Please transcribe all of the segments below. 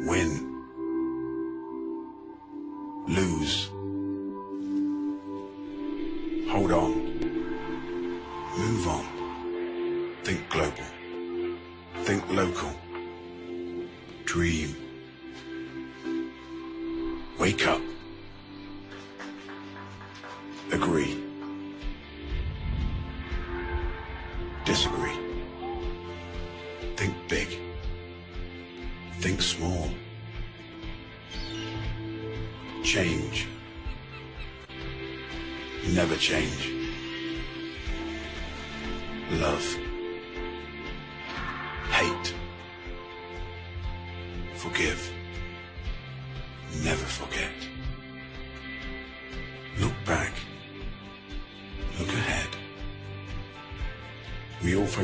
win.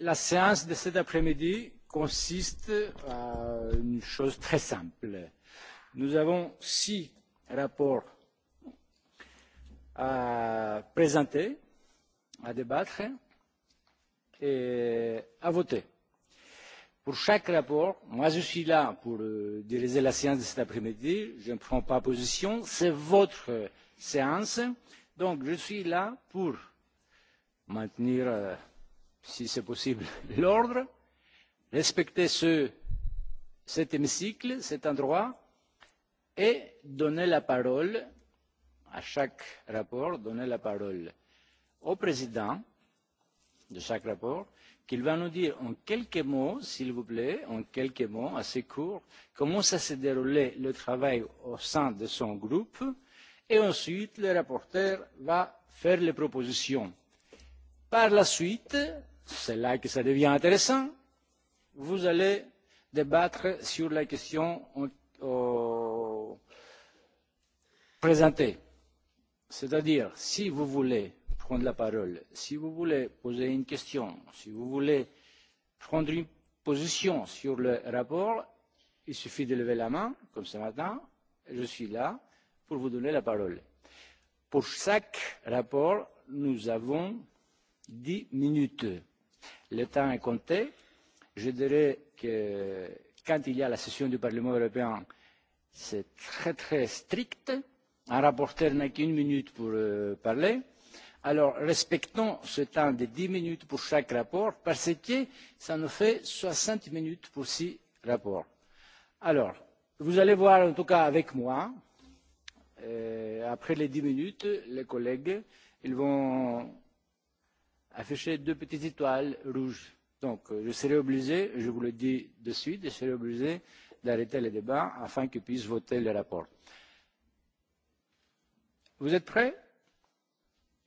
La séance de cet après-midi consiste à une chose très simple. Nous avons six rapports à présenter, à débattre et à voter. Pour chaque rapport, moi je suis là pour diriger la séance de cet après-midi, je ne prends pas position, c'est votre séance, donc je suis là pour maintenir si c'est possible, l'ordre, respecter ce, cet hémicycle, cet endroit, et donner la parole à chaque rapport, donner la parole au président de chaque rapport, qu'il va nous dire en quelques mots, s'il vous plaît, en quelques mots, assez courts, comment ça s'est déroulé le travail au sein de son groupe, et ensuite le rapporteur va faire les propositions Par la suite, c'est là que ça devient intéressant, vous allez débattre sur la question présentée. C'est-à-dire, si vous voulez prendre la parole, si vous voulez poser une question, si vous voulez prendre une position sur le rapport, il suffit de lever la main, comme ce matin, je suis là pour vous donner la parole. Pour chaque rapport, nous avons dix minutes. Le temps est compté. Je dirais que quand il y a la session du Parlement européen, c'est très très strict. Un rapporteur n'a qu'une minute pour parler. Alors respectons ce temps de dix minutes pour chaque rapport parce que ça nous fait soixante minutes pour six rapports. Alors, vous allez voir en tout cas avec moi, après les dix minutes, les collègues, ils vont affiché deux petites étoiles rouges. Donc, je serai obligé, je vous le dis de suite, je serai obligé d'arrêter le débat afin qu'ils puissent voter le rapport. Vous êtes prêts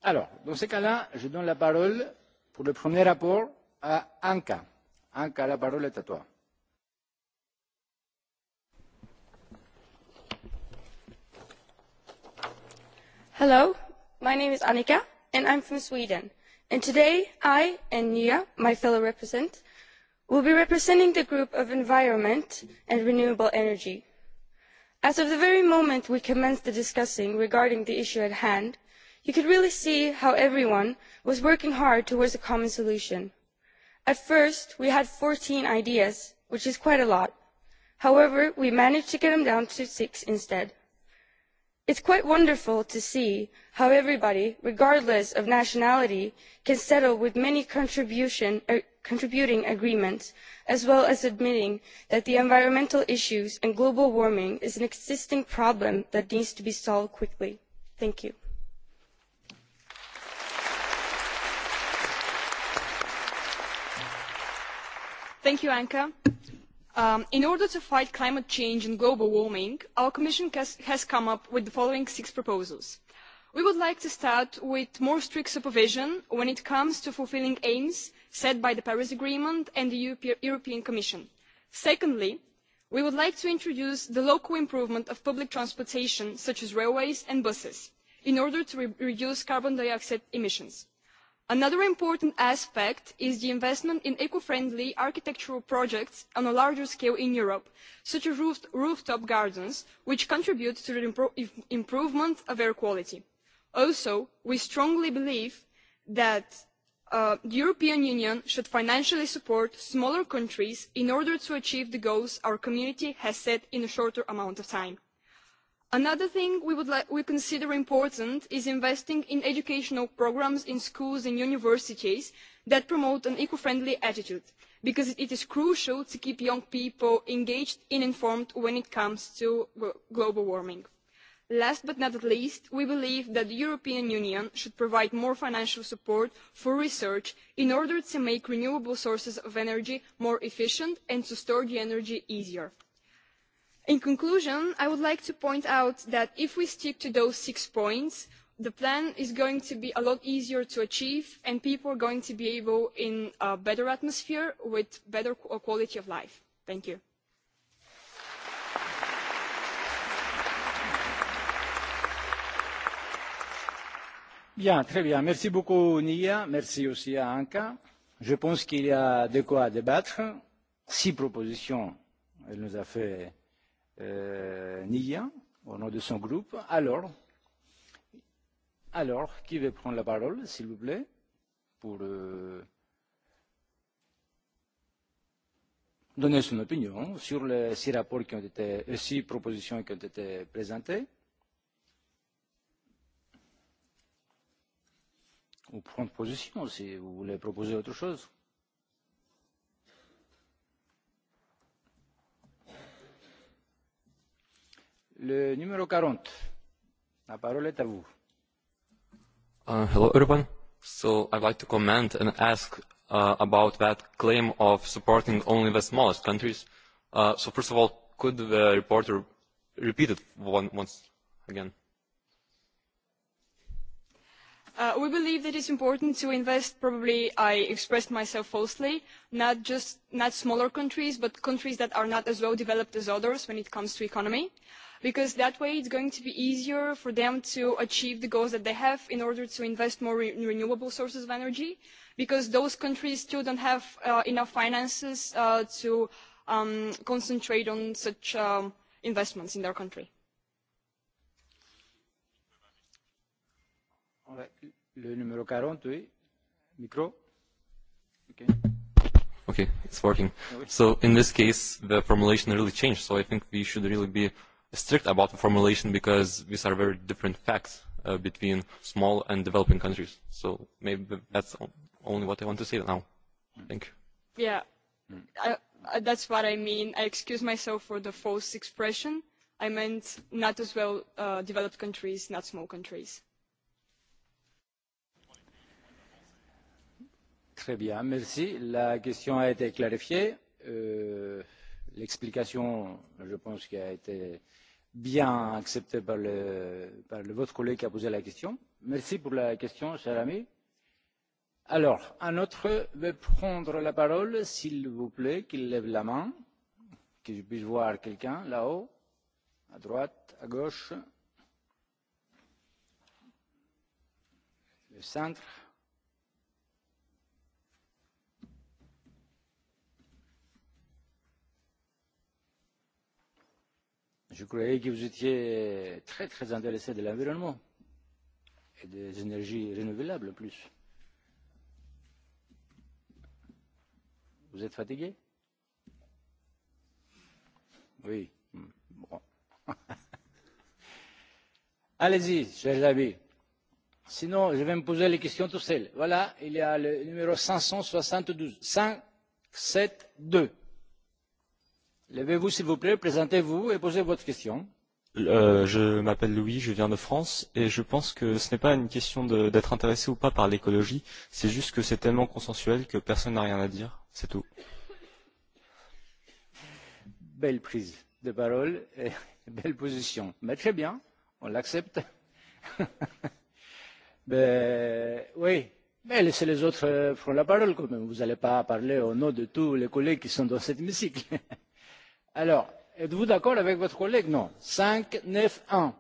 Alors, dans ce cas-là, je donne la parole pour le premier rapport à Anka. Anka, la parole est à toi. Hello, my name is Annika and I'm from Sweden And today, I and Nia, my fellow represent, will be representing the group of Environment and Renewable Energy. As of the very moment we commenced the discussing regarding the issue at hand, you could really see how everyone was working hard towards a common solution. At first, we had fourteen ideas, which is quite a lot. However, we managed to get them down to six instead. It is quite wonderful to see how everybody, regardless of nationality, can settle with many contributing agreements, as well as admitting that the environmental issues and global warming is an existing problem that needs to be solved quickly. Thank you. Thank you, Anka in order to fight climate change and global warming, our Commission has, come up with the following six proposals. We would like to start with more strict supervision when it comes to fulfilling aims set by the Paris Agreement and the European Commission. Secondly, we would like to introduce the local improvement of public transportation, such as railways and buses, in order to reduce carbon dioxide emissions. Another important aspect is the investment in eco-friendly architectural projects on a larger scale in Europe, such as rooftop gardens, which contribute to the improvement of air quality. Also, we strongly believe that the European Union should financially support smaller countries in order to achieve the goals our community has set in a shorter amount of time. Another thing we, would like we consider important is investing in educational programmes in schools and universities that promote an eco-friendly attitude, because it is crucial to keep young people engaged and informed when it comes to global warming. Last but not least, we believe that the European Union should provide more financial support for research in order to make renewable sources of energy more efficient and to store the energy easier. In conclusion, I would like to point out that if we stick to those six points, the plan is going to be a lot easier to achieve and people are going to be able in a better atmosphere with better quality of life. Thank you. Bien, très bien. Merci beaucoup Nia, merci aussi à Anka. Je pense qu'il y a de quoi débattre. Six propositions, elle nous a fait euh, Nia, au nom de son groupe. Alors, alors, qui veut prendre la parole, s'il vous plaît, pour euh, donner son opinion sur les six rapports qui ont été, six propositions qui ont été présentées ou prendre position si vous voulez proposer autre chose. hello, everyone. So I'd like to comment and ask uh, about that claim of supporting only the smallest countries. Uh, so first of all, could the reporter repeat it one, once again? we believe that it is important to invest, probably I expressed myself falsely, not just not smaller countries, but countries that are not as well developed as others when it comes to economy, because that way it is going to be easier for them to achieve the goals that they have in order to invest more in renewable sources of energy, because those countries still don't have enough finances to concentrate on such investments in their country. All right. Okay. Okay, it's working. So in this case, the formulation really changed. So I think we should really be strict about the formulation because these are very different facts uh, between small and developing countries. So maybe that's only what I want to say now. Thank you. Yeah, I, I, that's what I mean. I excuse myself for the false expression. I meant not as well uh, developed countries, not small countries. Très bien, merci. La question a été clarifiée. Euh, L'explication, je pense, qui a été bien acceptée par, le, par le, votre collègue qui a posé la question. Merci pour la question, cher ami. Alors, un autre veut prendre la parole, s'il vous plaît, qu'il lève la main, que je puisse voir quelqu'un là-haut, à droite, à gauche, le centre. Je croyais que vous étiez très très intéressé de l'environnement et des énergies renouvelables en plus. Vous êtes fatigué Oui. Bon. Allez-y, chers amis. Sinon, je vais me poser les questions tout seul. Voilà, il y a le numéro 572. 572. Levez-vous, s'il vous plaît, présentez-vous et posez votre question. Euh, je m'appelle Louis, je viens de France et je pense que ce n'est pas une question d'être intéressé ou pas par l'écologie, c'est juste que c'est tellement consensuel que personne n'a rien à dire, c'est tout. Belle prise de parole et belle position. Mais très bien, on l'accepte. oui, mais laissez les autres prendre la parole quand même. Vous n'allez pas parler au nom de tous les collègues qui sont dans cet hémicycle. Alors, êtes-vous d'accord avec votre collègue Non. 5, 9, 1.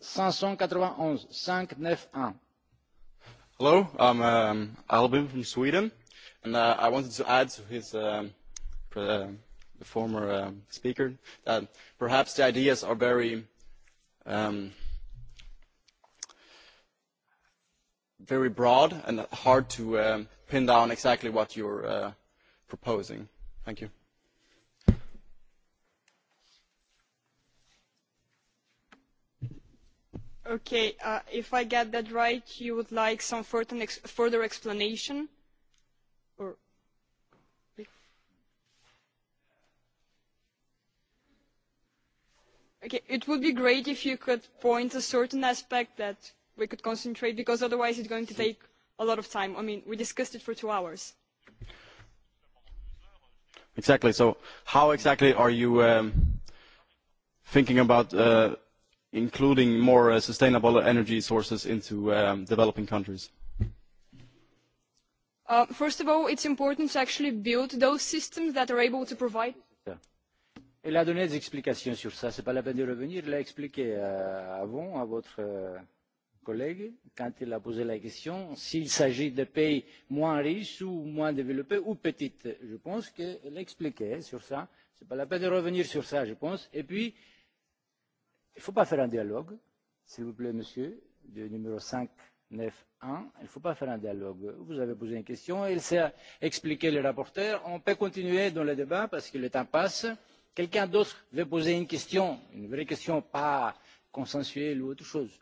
591. 5, 9, 1. Hello, I'm um, Albin from Sweden, and uh, I wanted to add to his um, pre- uh, the former um, speaker that perhaps the ideas are very um, very broad and hard to um, pin down exactly what you're uh, proposing. Thank you. Okay, uh, if I get that right, you would like some further, ex further explanation? Or... Okay, it would be great if you could point a certain aspect that we could concentrate, because otherwise it's going to take a lot of time. I mean, we discussed it for two hours. Exactly. So how exactly are you um, thinking about... Uh, including more uh, sustainable energy sources into um, developing countries? Uh, first of all, it's important to actually build those systems that are able to provide. Elle a donné des explications sur ça. C'est pas la peine de revenir. Elle l'a expliqué euh, avant à votre collègue quand il a posé la question s'il s'agit de pays moins riches ou moins développés ou petites. Je pense qu'elle a expliqué sur ça. C'est pas la peine de revenir sur ça, je pense. Et puis, Il ne faut pas faire un dialogue, s'il vous plaît, monsieur, du numéro 591. Il ne faut pas faire un dialogue. Vous avez posé une question, il s'est expliqué le rapporteur. On peut continuer dans le débat parce que le temps passe. Quelqu'un d'autre veut poser une question, une vraie question, pas consensuelle ou autre chose.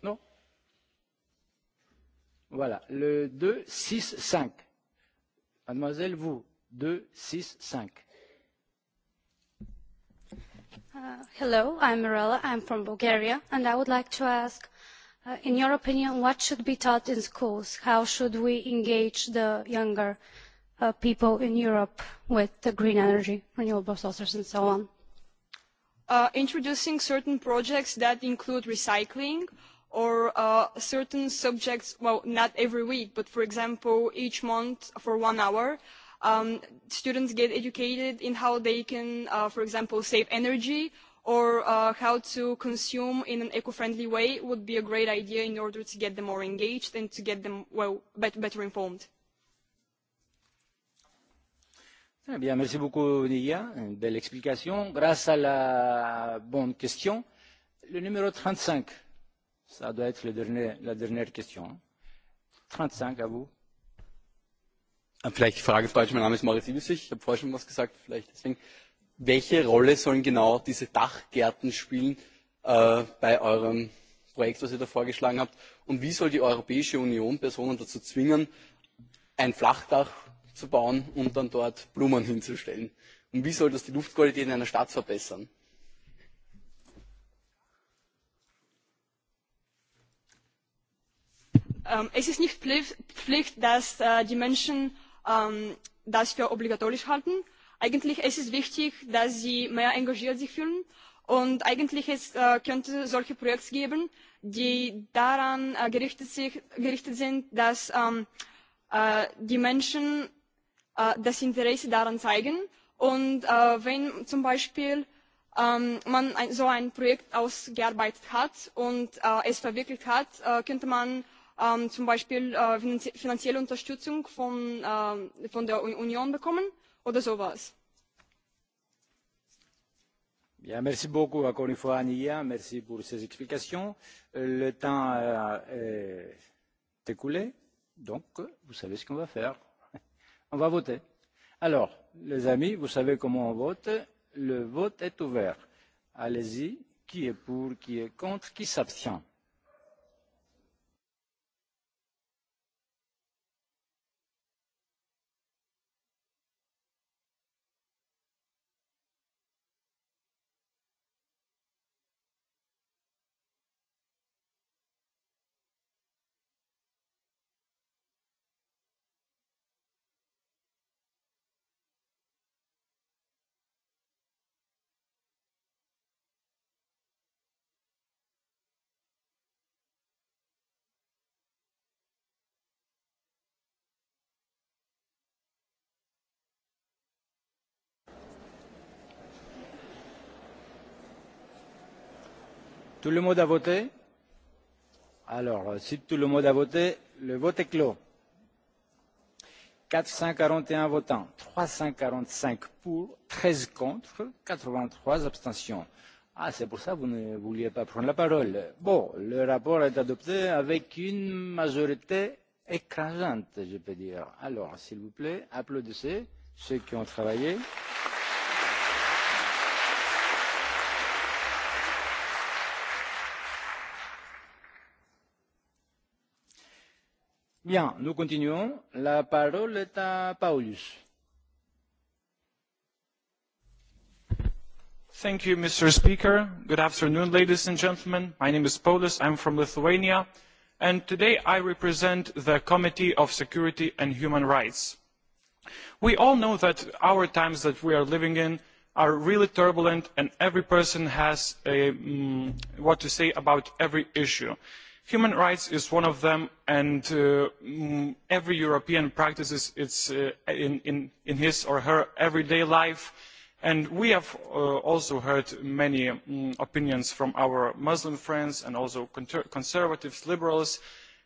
Non Voilà, le 2, 6, 5. Mademoiselle Wu, 265. Uh, hello, I'm Mirella. I'm from Bulgaria, and I would like to ask, uh, in your opinion, what should be taught in schools? How should we engage the younger uh, people in Europe with the green energy, renewable sources, and so on? Uh, introducing certain projects that include recycling, or uh, certain subjects, well, not every week, but for example, each month for one hour, um, students get educated in how they can, uh, for example, save energy or uh, how to consume in an eco-friendly way would be a great idea in order to get them more engaged and to get them well, bet better informed. Très bien, merci beaucoup Nia, une belle explication. Grâce à la bonne question, le numéro 35, Ça doit être le dernier, la dernière question. 35 à vous. Vielleicht die Frage falsch. Mein Name ist Moritz Ibisig. Ich habe vorher schon was gesagt, vielleicht deswegen. Welche Rolle sollen genau diese Dachgärten spielen äh, bei eurem Projekt, was ihr da vorgeschlagen habt? Und wie soll die Europäische Union Personen dazu zwingen, ein Flachdach zu bauen und dann dort Blumen hinzustellen? Und wie soll das die Luftqualität in einer Stadt verbessern? es ist nicht Pflicht, dass die Menschen das für obligatorisch halten. Eigentlich ist es wichtig, dass sie mehr engagiert sich fühlen. Und eigentlich es, könnte solche Projekte geben, die daran gerichtet, sind, dass die Menschen das Interesse daran zeigen. Und wenn zum Beispiel man so ein Projekt ausgearbeitet hat und es verwirklicht hat, könnte man ähm, zum Beispiel äh, finanzielle Unterstützung von, äh, von der Union bekommen oder sowas. Bien, merci beaucoup encore une fois Ania, merci pour ces explications. Le temps est écoulé, donc vous savez ce qu'on va faire. On va voter. Alors, les amis, vous savez comment on vote. Le vote est ouvert. Allez-y. Qui est pour, qui est contre, qui s'abstient Tout le monde a voté Alors, si tout le monde a voté, le vote est clos. 441 votants, 345 pour, 13 contre, 83 abstentions. Ah, c'est pour ça que vous ne vouliez pas prendre la parole. Bon, le rapport est adopté avec une majorité écrasante, je peux dire. Alors, s'il vous plaît, applaudissez ceux qui ont travaillé. Bien, nous continuons. La parole est à Paulus. Thank you, Mr. Speaker. Good afternoon, ladies and gentlemen. My name is Paulus. I'm from Lithuania. And today I represent the Committee of Security and Human Rights. We all know that our times that we are living in are really turbulent and every person has a, um, what to say about every issue Human rights is one of them, and every European practices it in, his or her everyday life. And we have also heard many opinions from our Muslim friends and also conservatives, liberals,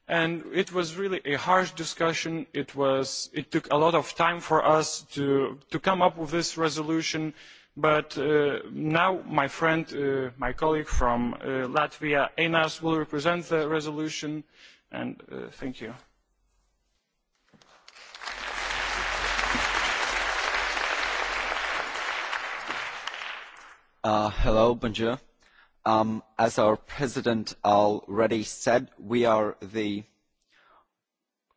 and it was really a harsh discussion. It, was, it took a lot of time for us to, to come up with this resolution But now my friend, uh my colleague from uh Latvia, Einas, will represent the resolution. And uh thank you. hello, bonjour. Um as our president already said, we are the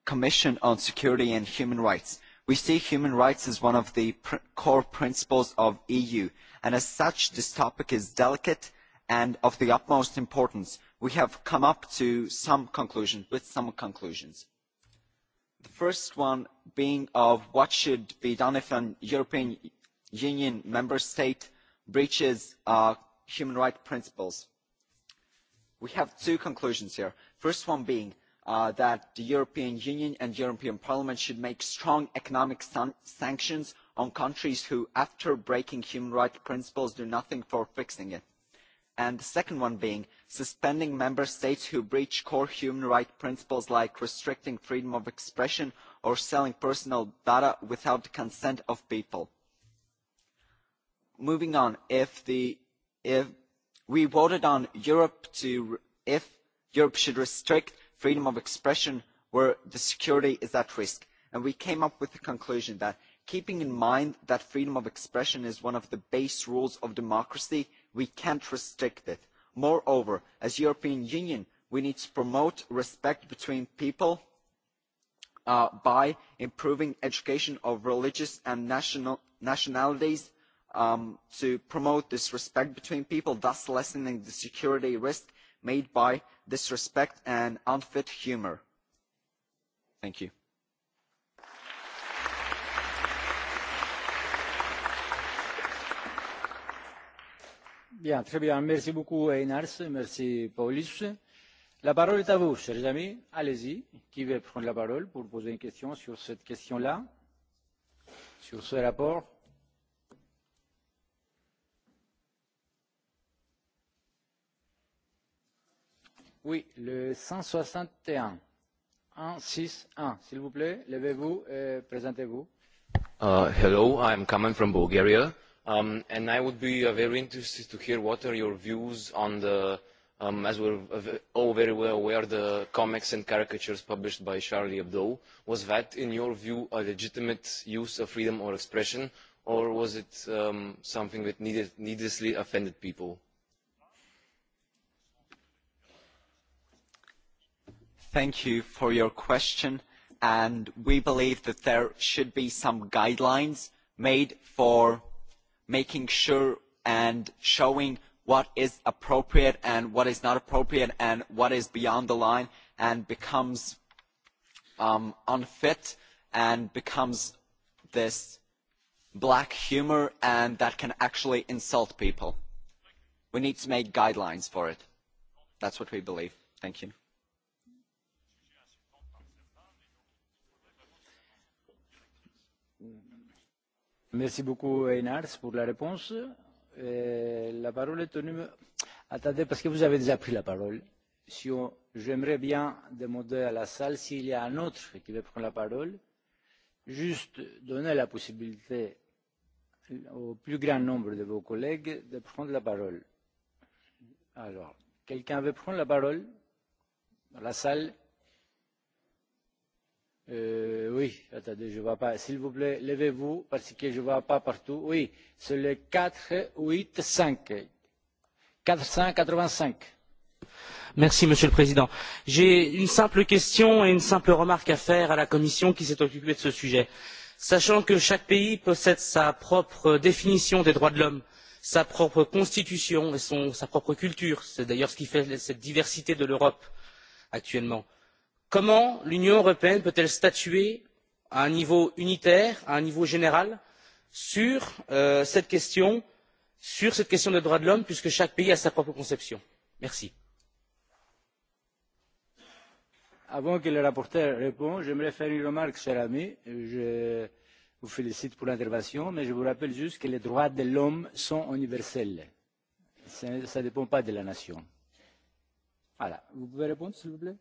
Commission on Security and Human Rights We see human rights as one of the pr core principles of EU, and as such, this topic is delicate and of the utmost importance. We have come up to some conclusions, with some conclusions. The first one being of what should be done if a European Union member state breaches uh, human rights principles. We have two conclusions here. First one being that the European Union and European Parliament should make strong economic sanctions on countries who, after breaking human rights principles, do nothing for fixing it. And the second one being suspending member states who breach core human rights principles like restricting freedom of expression or selling personal data without the consent of people. Moving on, if the if we voted on Europe to if Europe should restrict freedom of expression where the security is at risk. And we came up with the conclusion that keeping in mind that freedom of expression is one of the base rules of democracy, we cannot restrict it. Moreover, as the European Union, we need to promote respect between people by improving education of religious and nationalities to promote this respect between people, thus lessening the security risk made by disrespect and unfit humour. Thank you. Bien, très bien. Merci beaucoup, Einars. Merci, Paulus. La parole est à vous, chers amis. Allez-y. Qui veut prendre la parole pour poser une question sur cette question-là, sur ce rapport Oui, le 161. 161, s'il vous plaît, levez-vous et présentez-vous. Uh, hello, I'm Kamen from Bulgaria, um, and I would be uh, very interested to hear what are your views on the, um, as we're all very well aware, the comics and caricatures published by Charlie Hebdo. Was that, in your view, a legitimate use of freedom or expression, or was it um, something that needed, needlessly offended people? Thank you for your question. And we believe that there should be some guidelines made for making sure and showing what is appropriate and what is not appropriate and what is beyond the line and becomes um, unfit and becomes this black humor and that can actually insult people. We need to make guidelines for it. That's what we believe. Thank you. Merci beaucoup, Einars, pour la réponse. la parole est tenue. Attendez, parce que vous avez déjà pris la parole. Si on... J'aimerais bien demander à la salle s'il y a un autre qui veut prendre la parole. Juste donner la possibilité au plus grand nombre de vos collègues de prendre la parole. Alors, quelqu'un veut prendre la parole dans la salle? oui, attendez, je ne vois pas. S'il vous plaît, levez-vous parce que je ne vois pas partout. Oui, c'est le 4, 8, 5. 485. Merci, Monsieur le Président. J'ai une simple question et une simple remarque à faire à la Commission qui s'est occupée de ce sujet. Sachant que chaque pays possède sa propre définition des droits de l'homme, sa propre constitution et sa propre culture, c'est d'ailleurs ce qui fait cette diversité de l'Europe actuellement comment l'union européenne peut elle statuer à un niveau unitaire à un niveau général sur cette question des droits de l'homme puisque chaque pays a sa propre conception? Merci. avant que le rapporteur ne réponde j'aimerais faire une remarque cher ami. je vous félicite pour l'intervention mais je vous rappelle juste que les droits de l'homme sont universels. cela ne dépend pas de la nation. vous pouvez répondre s'il vous plaît?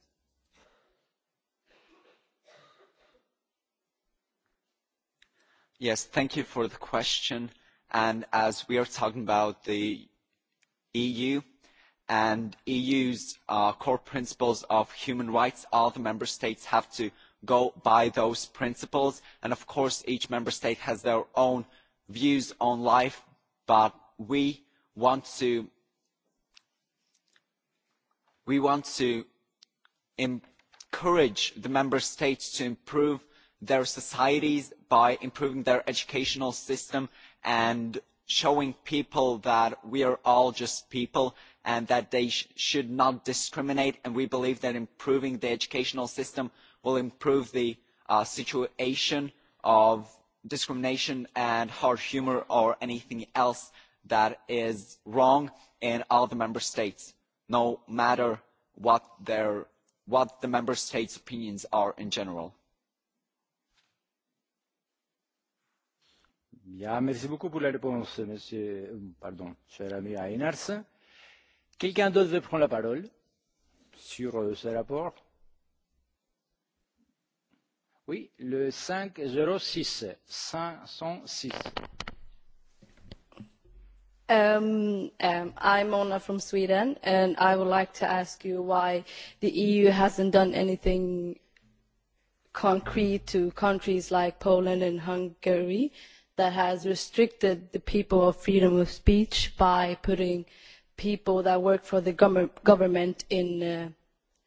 Yes, thank you for the question. And as we are talking about the EU and EU's uh, core principles of human rights, all the member states have to go by those principles. And of course, each member state has their own views on life, but we want to we want to encourage the member states to improve their societies by improving their educational system and showing people that we are all just people and that they sh should not discriminate. And we believe that improving the educational system will improve the uh, situation of discrimination and hard humour or anything else that is wrong in all the member states, no matter what, their, what the member states' opinions are in general Bien, merci beaucoup pour la réponse, monsieur, pardon, cher ami Einars. Quelqu'un d'autre veut prendre la parole sur ce rapport Oui, le 506, 506. Um, um, I'm Mona from Sweden, and I would like to ask you why the EU hasn't done anything concrete to countries like Poland and Hungary that has restricted the people of freedom of speech by putting people that work for the government in uh,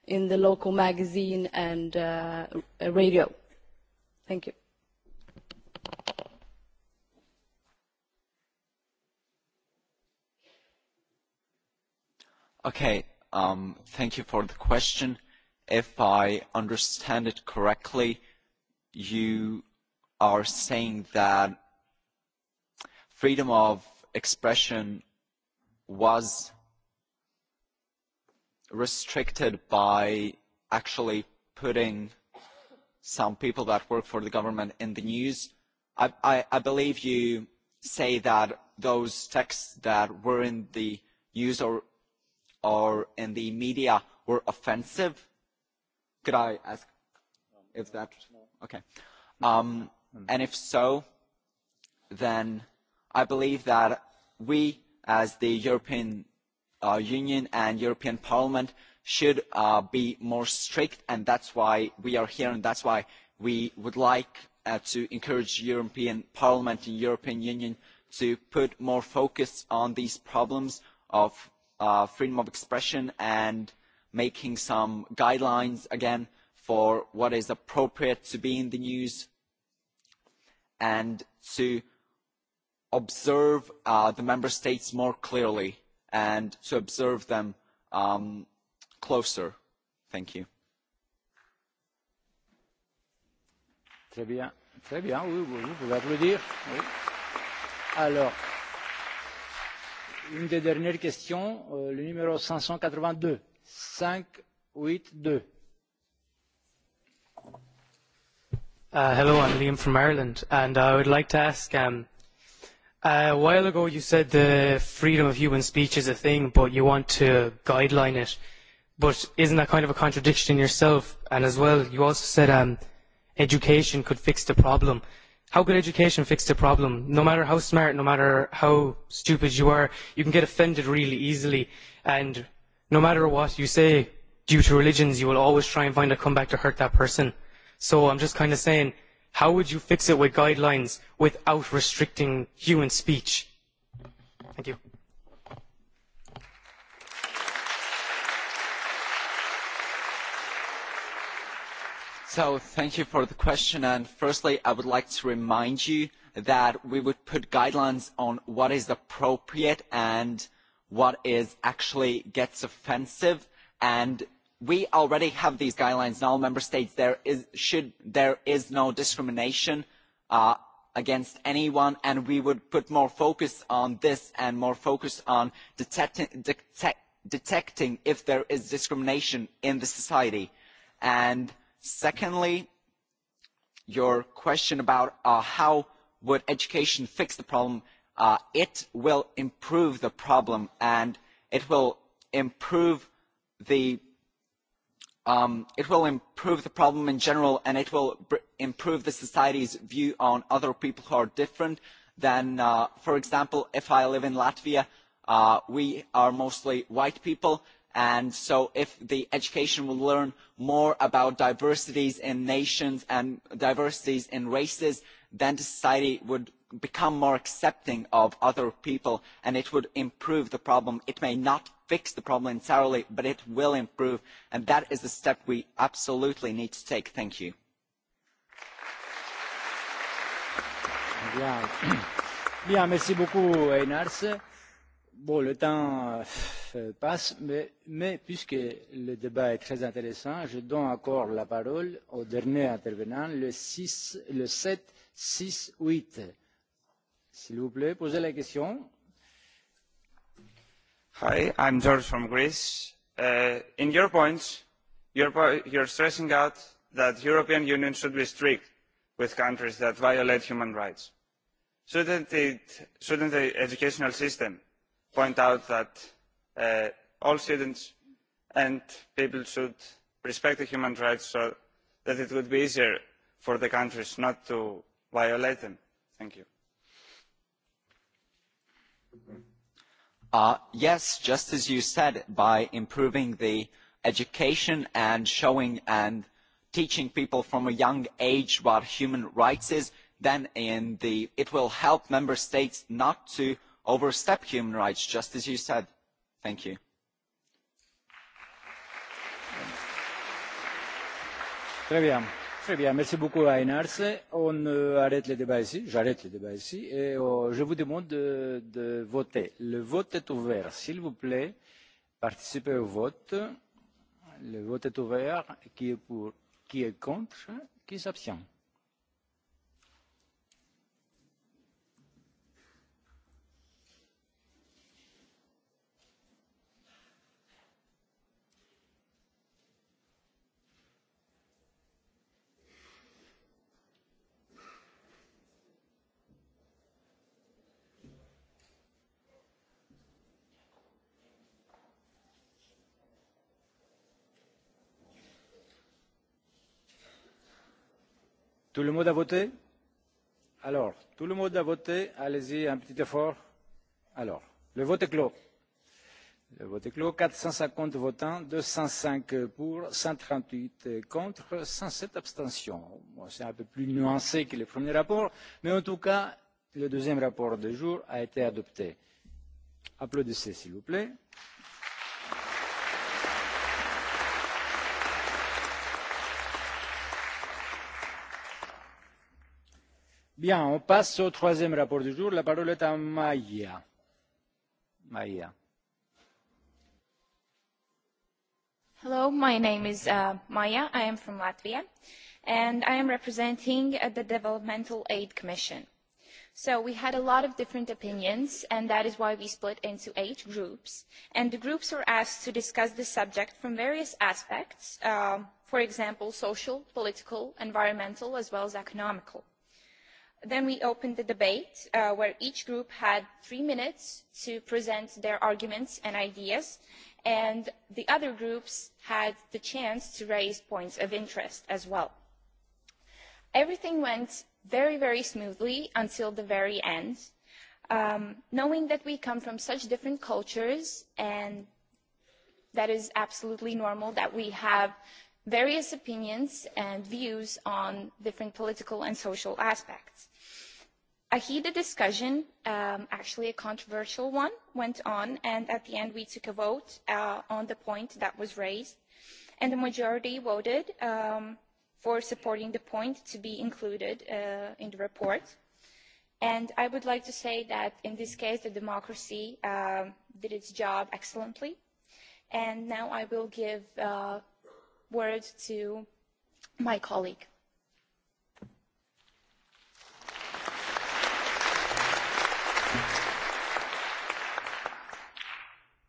in the local magazine and uh, radio. Thank you. Okay, um, thank you for the question. If I understand it correctly, you are saying that freedom of expression was restricted by actually putting some people that work for the government in the news. I, I, I believe you say that those texts that were in the news or, or in the media were offensive. Could I ask if that? Okay. Um, and if so, then I believe that we, as the European Union and European Parliament, should be more strict, and that's why we are here, and that's why we would like to encourage the European Parliament and the European Union to put more focus on these problems of freedom of expression and making some guidelines again for what is appropriate to be in the news and to observe uh, the member states more clearly and to observe them um, closer. Thank you. Très bien, très bien, oui, oui, vous pouvez Oui. Alors, une des dernières questions, euh, le numéro 582, 582. Uh, hello, I'm Liam from Ireland, and I would like to ask um, A while ago, you said the freedom of human speech is a thing, but you want to guideline it. But isn't that kind of a contradiction in yourself? And as well, you also said um, education could fix the problem. How could education fix the problem? No matter how smart, no matter how stupid you are, you can get offended really easily. And no matter what you say, due to religions, you will always try and find a comeback to hurt that person. So I'm just kind of saying, How would you fix it with guidelines without restricting human speech? Thank you. So thank you for the question. And firstly, I would like to remind you that we would put guidelines on what is appropriate and what is actually gets offensive and we already have these guidelines in all member states. There is, should, there is no discrimination uh, against anyone, and we would put more focus on this and more focus on detecting, detecting if there is discrimination in the society. And secondly, your question about uh, how would education fix the problem, uh, it will improve the problem and it will improve the Um, it will improve the problem in general and it will br improve the society's view on other people who are different than, uh, for example, if I live in Latvia, uh, we are mostly white people. And so if the education will learn more about diversities in nations and diversities in races, then the society would become more accepting of other people and it would improve the problem. It may not fix the problem entirely, but it will improve. And that is the step we absolutely need to take. Thank you. Bien. Bien, merci beaucoup, Einars. Bon, le temps passe, mais, mais puisque le débat est très intéressant, je donne encore la parole au dernier intervenant, le, 6, le 7 6 8. S'il vous plaît, posez la question. Hi, I'm George from Greece. Uh, in your points, you're, you're stressing out that the European Union should be strict with countries that violate human rights. Shouldn't, it, shouldn't the educational system point out that uh, all students and people should respect the human rights so that it would be easier for the countries not to violate them? Thank you yes, just as you said, by improving the education and showing and teaching people from a young age what human rights is, then in the, it will help member states not to overstep human rights, just as you said. Thank you. Très bien. Très bien, merci beaucoup Einars. On euh, arrête le débat ici, j'arrête le débat ici et euh, je vous demande de, de voter. Le vote est ouvert, s'il vous plaît, participez au vote. Le vote est ouvert, qui est pour, qui est contre, qui s'abstient. Tout le monde a voté Alors, tout le monde a voté. Allez-y, un petit effort. Alors, le vote est clos. Le vote est clos. 450 votants, 205 pour, 138 contre, 107 abstentions. Bon, C'est un peu plus nuancé que le premier rapport, mais en tout cas, le deuxième rapport du jour a été adopté. Applaudissez, s'il vous plaît. Bien, on passe au troisième rapport du jour. La parole est à Maya. Maya. Hello, my name is uh, Maya. I am from Latvia, and I am representing uh, the Developmental Aid Commission. So we had a lot of different opinions, and that is why we split into eight groups. And the groups were asked to discuss the subject from various aspects, for example, social, political, environmental, as well as economical Then we opened the debate uh, where each group had three minutes to present their arguments and ideas, and the other groups had the chance to raise points of interest as well. Everything went very, very smoothly until the very end. Um, knowing that we come from such different cultures, and that is absolutely normal that we have various opinions and views on different political and social aspects A heated discussion, um, actually a controversial one, went on, and at the end we took a vote uh, on the point that was raised, and the majority voted um, for supporting the point to be included uh, in the report. And I would like to say that in this case, the democracy um, did its job excellently. And now I will give uh, words to my colleague.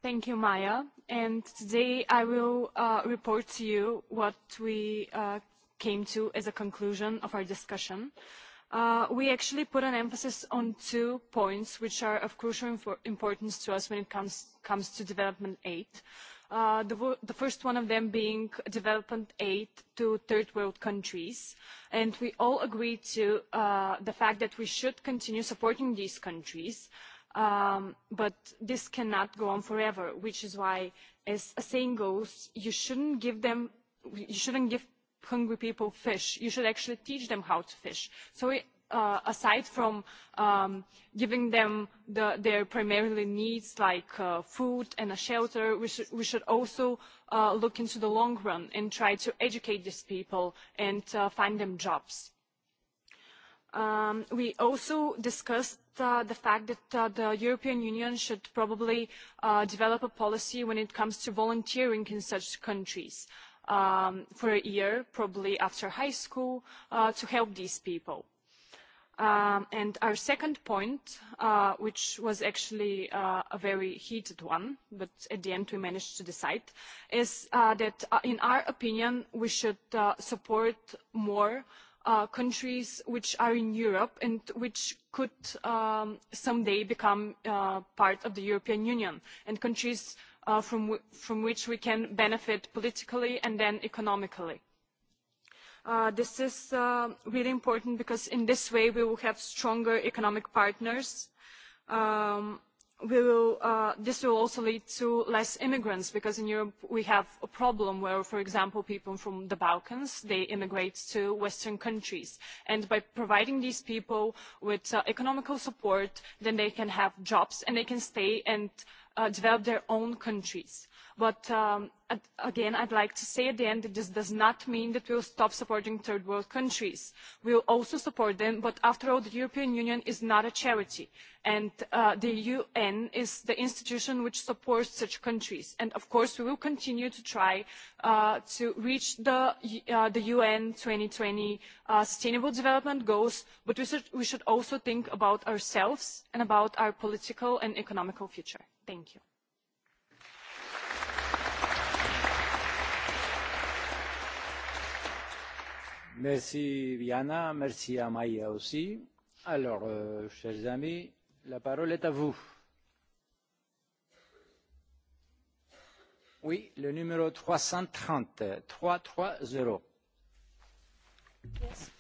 Thank you, Maya. And today I will uh, report to you what we uh, came to as a conclusion of our discussion. Uh, we actually put an emphasis on two points which are of crucial infor importance to us when it comes, comes to development aid. Uh, the, the first one of them being development aid to third world countries. And we all agreed to uh, the fact that we should continue supporting these countries Um, but this cannot go on forever, which is why, as a saying goes, you shouldn't give them, you shouldn't give hungry people fish. You should actually teach them how to fish. So it, uh, aside from um, giving them the, their primarily needs like uh, food and a shelter, we, sh- we should also uh, look into the long run and try to educate these people and uh, find them jobs Um, we also discussed uh, the fact that uh, the European Union should probably uh, develop a policy when it comes to volunteering in such countries um, for a year, probably after high school, uh, to help these people. Um, and our second point, uh, which was actually uh, a very heated one, but at the end we managed to decide, is uh, that uh, in our opinion we should uh, support more uh, countries which are in Europe and which could someday become part of the European Union and countries from, which we can benefit politically and then economically. this is really important because in this way we will have stronger economic partners um, we will, uh, this will also lead to less immigrants because in Europe we have a problem where, for example, people from the Balkans, they immigrate to Western countries. And by providing these people with uh, economical support, then they can have jobs and they can stay and uh, develop their own countries But um, again, I'd like to say at the end that this does not mean that we will stop supporting third world countries. We will also support them, but after all, the European Union is not a charity. And uh, the UN is the institution which supports such countries. And of course, we will continue to try uh, to reach the, uh, the UN 2020 uh, Sustainable Development Goals, but we should, we should also think about ourselves and about our political and economical future. Thank you. Merci Viana, merci à Maya aussi. Alors, euh, chers amis, la parole est à vous. Oui, le numéro 330, 330. Yes.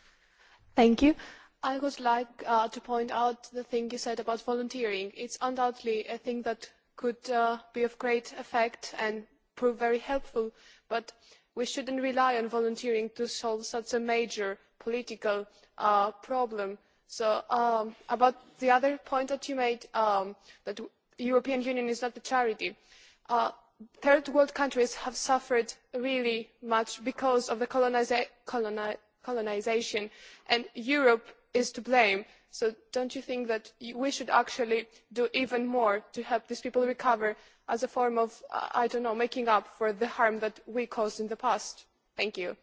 Thank you. I would like uh, to point out the thing you said about volunteering. It's undoubtedly a thing that could uh, be of great effect and prove very helpful, but we should not rely on volunteering to solve such a major political problem. so about the other point that you made that the european union is not a charity third world countries have suffered really much because of the colonisation and europe is to blame. So don't you think that we should actually do even more to help these people recover as a form of, I don't know, making up for the harm that we caused in the past? Thank you.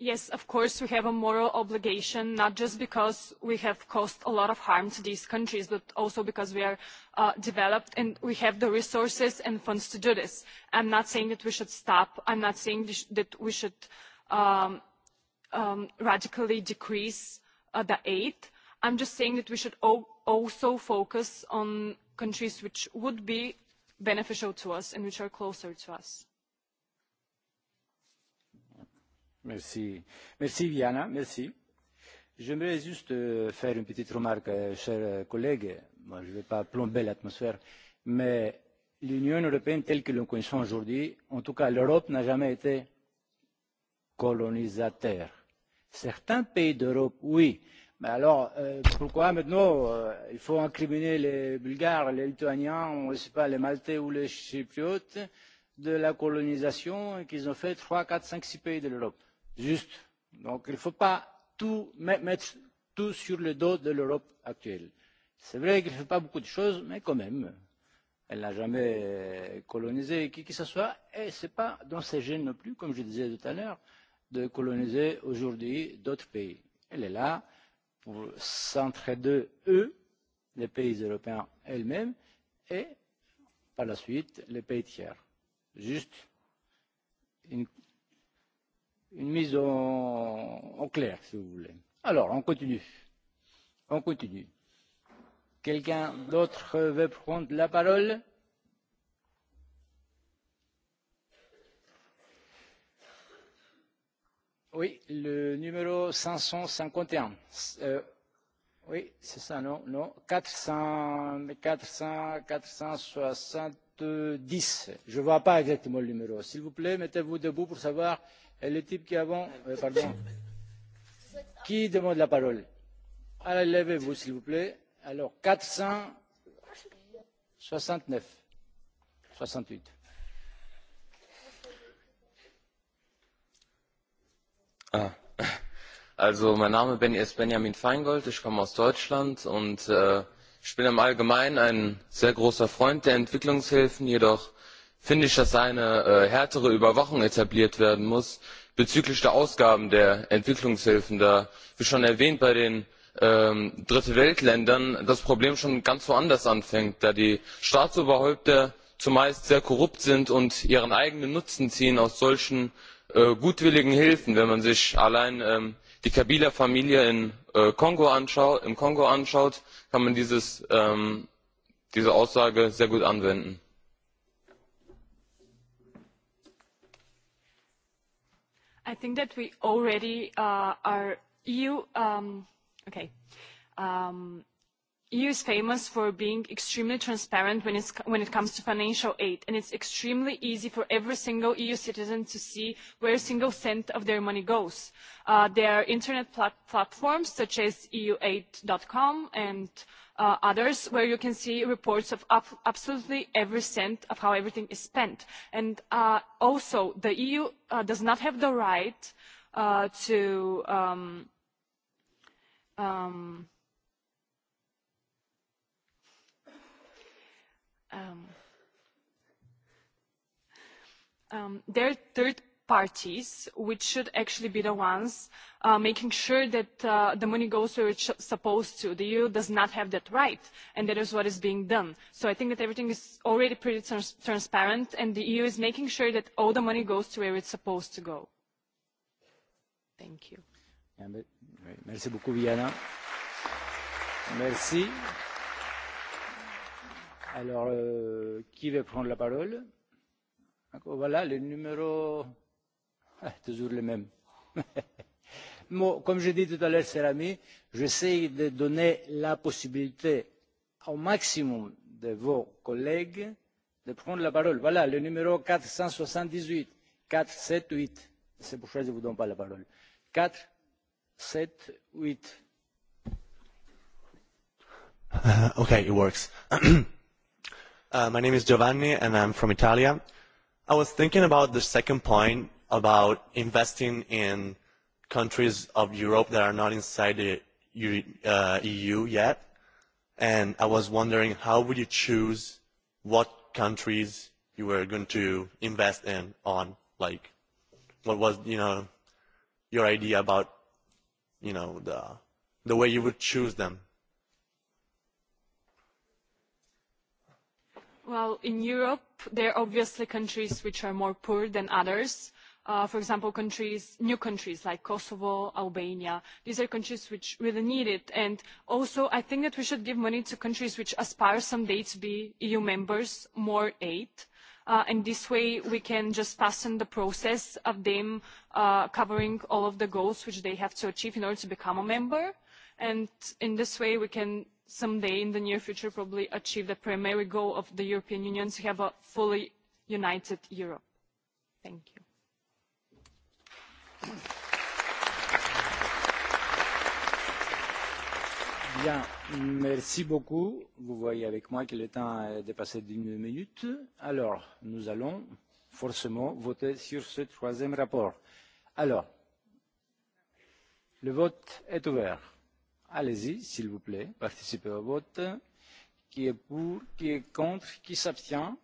yes, of course, we have a moral obligation, not just because we have caused a lot of harm to these countries, but also because we are developed and we have the resources and funds to do this. I'm not saying that we should stop. I'm not saying that we should radically decrease the aid. I'm just saying that we should also focus on countries which would be beneficial to us and which are closer to us. Merci. Viana. Merci. J'aimerais juste faire une petite remarque, chers collègues. Moi, je ne vais pas plomber l'atmosphère, mais l'Union européenne telle que nous connaissons aujourd'hui, en tout cas l'Europe n'a jamais été colonisateur. Certains pays d'Europe, oui. Mais alors, euh, pourquoi maintenant euh, il faut incriminer les Bulgares, les Lituaniens, je sais pas, les Maltais ou les Chypriotes de la colonisation qu'ils ont fait trois, quatre, cinq, six pays de l'Europe Juste. Donc il ne faut pas tout mettre tout sur le dos de l'Europe actuelle. C'est vrai qu'il ne fait pas beaucoup de choses, mais quand même, elle n'a jamais colonisé qui que ce soit, et ce n'est pas dans ses gènes non plus, comme je disais tout à l'heure, de coloniser aujourd'hui d'autres pays. Elle est là pour s'entraider, eux, les pays européens elles-mêmes, et par la suite, les pays tiers. Juste une une mise en, en clair, si vous voulez. Alors, on continue. On continue. Quelqu'un d'autre veut prendre la parole Oui, le numéro 551. Euh, oui, c'est ça, non, non. 400, 400, 470. Je ne vois pas exactement le numéro. S'il vous plaît, mettez-vous debout pour savoir le type qui avant, euh, pardon, qui demande la parole Allez, levez-vous s'il vous plaît. Alors, 469, 68. Ah. Also mein Name ist Benjamin Feingold, ich komme aus Deutschland und äh, ich bin im Allgemeinen ein sehr großer Freund der Entwicklungshilfen, jedoch finde ich, dass eine härtere Überwachung etabliert werden muss bezüglich der Ausgaben der Entwicklungshilfen, da, wie schon erwähnt, bei den Dritte Weltländern das Problem schon ganz woanders anfängt, da die Staatsoberhäupter zumeist sehr korrupt sind und ihren eigenen Nutzen ziehen aus solchen gutwilligen Hilfen. Wenn man sich allein die Kabila-Familie im Kongo anschaut, kann man diese Aussage sehr gut anwenden. I think that we already uh, are EU. Um, okay. Um, EU is famous for being extremely transparent when, it's, when it comes to financial aid, and it's extremely easy for every single EU citizen to see where a single cent of their money goes. Uh, there are internet plat- platforms such as EUAid.com and uh, uh, others where you can see reports of up, absolutely every cent of how everything is spent. And uh, also, the EU uh, does not have the right uh, to um, um, um, um, their third parties which should actually be the ones uh, making sure that uh, the money goes where it's supposed to. The EU does not have that right, and that is what is being done. So I think that everything is already pretty trans transparent, and the EU is making sure that all the money goes to where it's supposed to go. Thank you. Merci beaucoup, Viana. Merci. Alors, euh, qui veut prendre la parole Voilà, le numéro toujours le même. Comme je dis tout à l'heure, cher ami, j'essaie de donner la possibilité au maximum de vos collègues de prendre la parole. Voilà, le numéro 478, 478. C'est pour ça que je ne vous donne pas la parole. 4, 7, 8. Uh, okay, it works. uh, my name is Giovanni and I'm from Italia. I was thinking about the second point about investing in countries of Europe that are not inside the uh, EU yet. And I was wondering how would you choose what countries you were going to invest in on like what was you know your idea about you know the the way you would choose them well in europe there are obviously countries which are more poor than others for example, countries, new countries like Kosovo, Albania. These are countries which really need it. And also, I think that we should give money to countries which aspire someday to be EU members, more aid. Uh, and this way, we can just fasten the process of them uh, covering all of the goals which they have to achieve in order to become a member. And in this way, we can someday in the near future probably achieve the primary goal of the European Union to have a fully united Europe. Thank you. Bien, merci beaucoup. Vous voyez avec moi que le temps est dépassé d'une minute. Alors, nous allons forcément voter sur ce troisième rapport. Alors, le vote est ouvert. Allez-y, s'il vous plaît, participez au vote. Qui est pour, qui est contre, qui s'abstient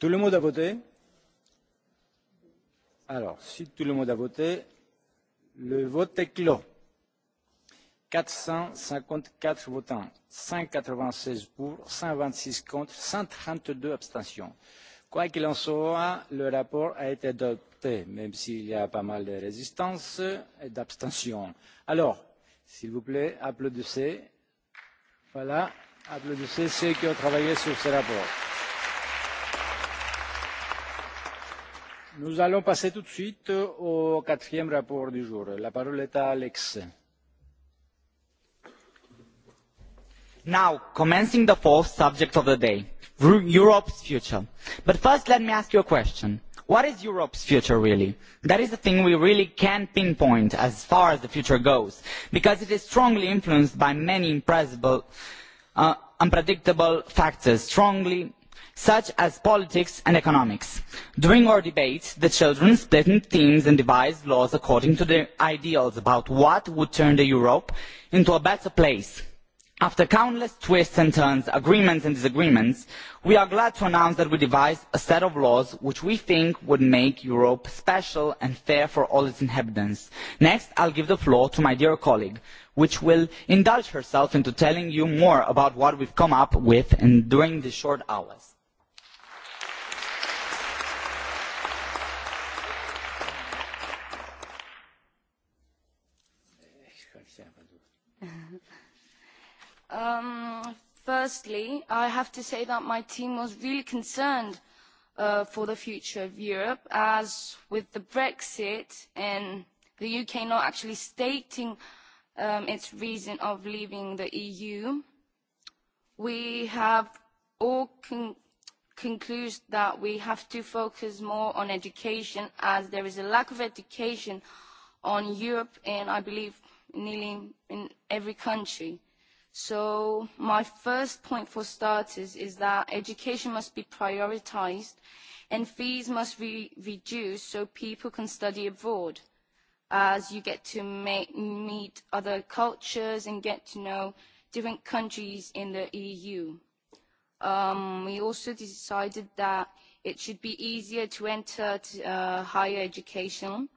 Tout le monde a voté Alors, si tout le monde a voté, le vote est clos. 454 votants, 196 pour, 126 contre, 132 abstentions. Quoi qu'il en soit, le rapport a été adopté, même s'il y a pas mal de résistances et d'abstentions. Alors, s'il vous plaît, applaudissez. Voilà, applaudissez ceux qui ont travaillé sur ce rapport. Nous allons passer tout de suite au quatrième rapport du jour. La parole est à Alex. Now, commencing the fourth subject of the day, Europe's future. But first, let me ask you a question. What is Europe's future really? That is the thing we really can pinpoint as far as the future goes, because it is strongly influenced by many impressible, uh, unpredictable factors, strongly such as politics and economics. During our debates, the children split into teams and devised laws according to their ideals about what would turn the Europe into a better place. After countless twists and turns, agreements and disagreements, we are glad to announce that we devised a set of laws which we think would make Europe special and fair for all its inhabitants. Next, I'll give the floor to my dear colleague, which will indulge herself into telling you more about what we've come up with during these short hours. Um, firstly, I have to say that my team was really concerned uh, for the future of Europe, as with the Brexit and the UK not actually stating um, its reason of leaving the EU, we have all con concluded that we have to focus more on education as there is a lack of education on Europe and I believe nearly in every country So my first point for starters is that education must be prioritised and fees must be reduced so people can study abroad as you get to make, meet other cultures and get to know different countries in the EU. Um, we also decided that it should be easier to enter uh, higher education.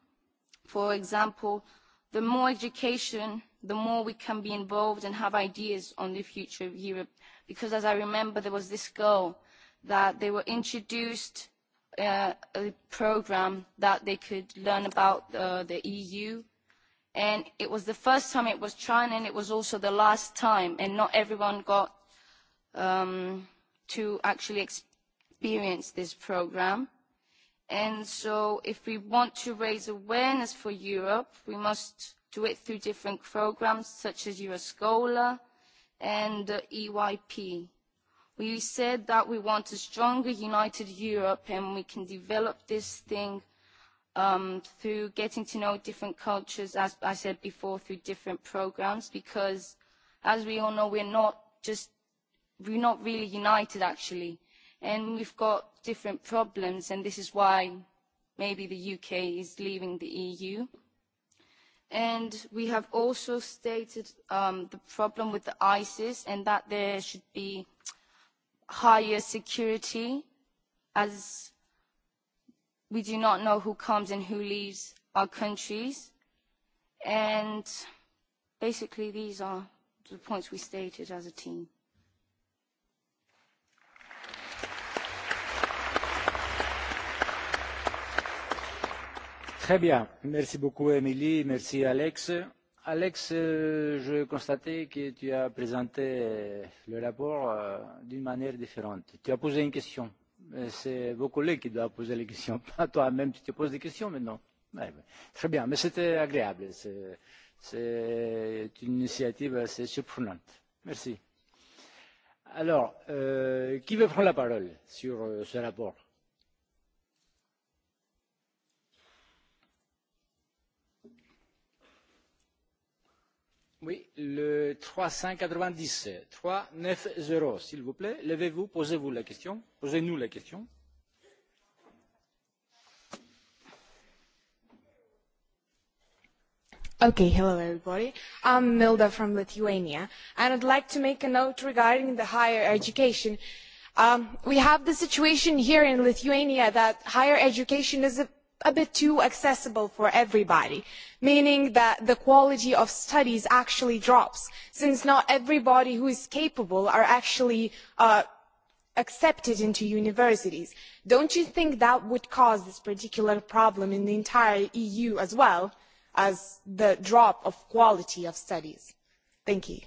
For example, the more education the more we can be involved and have ideas on the future of Europe. Because as I remember, there was this goal that they were introduced uh, a program that they could learn about uh, the EU. And it was the first time it was trying, and it was also the last time, and not everyone got um, to actually experience this program. And so if we want to raise awareness for Europe, we must do it through different programs such as Euroscola and uh, EYP. We said that we want a stronger, united Europe, and we can develop this thing um, through getting to know different cultures, as I said before, through different programs, because as we all know, we're not just, we're not really united, actually. And we've got different problems, and this is why maybe the UK is leaving the EU and we have also stated um, the problem with the ISIS and that there should be higher security as we do not know who comes and who leaves our countries. And basically these are the points we stated as a team. Très bien. Merci beaucoup, Émilie. Merci, Alex. Alex, je constatais que tu as présenté le rapport d'une manière différente. Tu as posé une question. C'est vos collègues qui doivent poser les questions, pas toi-même. Tu te poses des questions maintenant. Ouais, très bien, mais c'était agréable. C'est une initiative assez surprenante. Merci. Alors, euh, qui veut prendre la parole sur ce rapport Oui, le 390, 390, s'il vous plaît. Levez-vous, posez-vous la question. Posez-nous la question. Okay, hello everybody. I'm Milda from Lithuania, and I'd like to make a note regarding the higher education. Um, we have the situation here in Lithuania that higher education is a a bit too accessible for everybody, meaning that the quality of studies actually drops, since not everybody who is capable are actually uh, accepted into universities. Don't you think that would cause this particular problem in the entire EU as well as the drop of quality of studies? Thank you.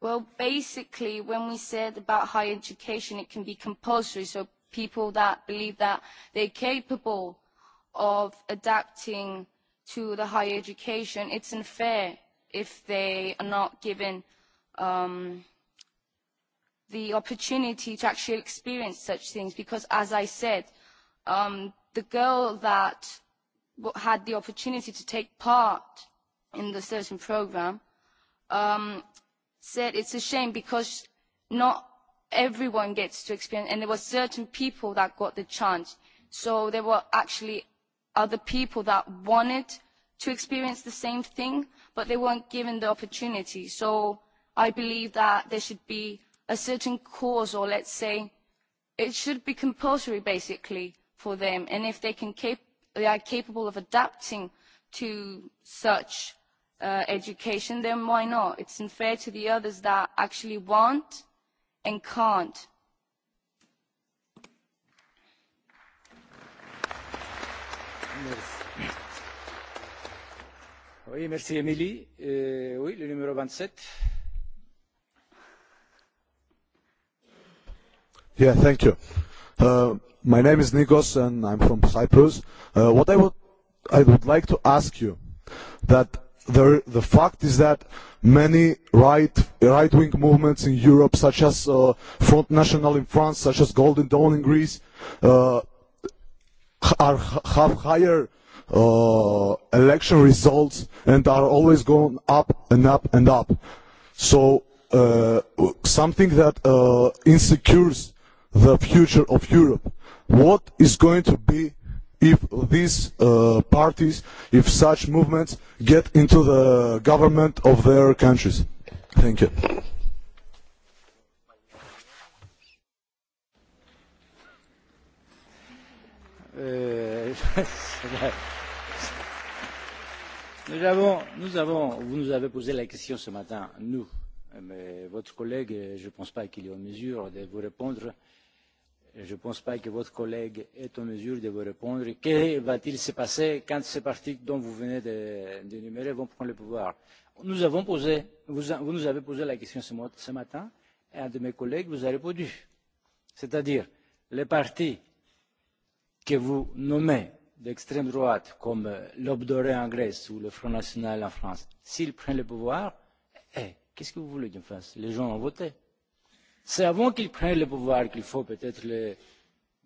Well, basically, when we said about higher education, it can be compulsory. So people that believe that they're capable of adapting to the higher education, it's unfair if they are not given um, the opportunity to actually experience such things. Because as I said, um, the girl that had the opportunity to take part in the certain program, um, said it's a shame because not everyone gets to experience, and there were certain people that got the chance. So there were actually other people that wanted to experience the same thing, but they weren't given the opportunity. So I believe that there should be a certain cause, or let's say, it should be compulsory basically for them. And if they can cap- they are capable of adapting to such uh, education, then why not? It's unfair to the others that actually want and can't. Oui, merci Émilie. Euh, oui, le numéro 27. Yeah, thank you. Uh, my name is Nikos and I'm from Cyprus. Uh, what I would, I would like to ask you that the, the fact is that many right, right-wing movements in Europe, such as uh, Front National in France, such as Golden Dawn in Greece, uh, are, have higher uh, election results and are always going up and up and up. So uh, something that uh, insecures the future of Europe. What is going to be if these uh, parties, if such movements get into the government of their countries. Thank you. Nous avons, nous avons, vous nous avez posé la question ce matin, nous, mais votre collègue, je ne pense pas qu'il est en mesure de vous répondre euh, je ne pense pas que votre collègue est en mesure de vous répondre. Que va-t-il se passer quand ces partis dont vous venez d'énumérer vont prendre le pouvoir Nous avons posé, vous, vous nous avez posé la question ce, ce matin, et un de mes collègues vous a répondu. C'est-à-dire, les partis que vous nommez d'extrême droite, comme l'Aube dorée en Grèce ou le Front National en France, s'ils prennent le pouvoir, eh, qu'est-ce que vous voulez qu'ils fassent Les gens ont voté C'est avant qu'ils prennent le pouvoir qu'il faut peut-être le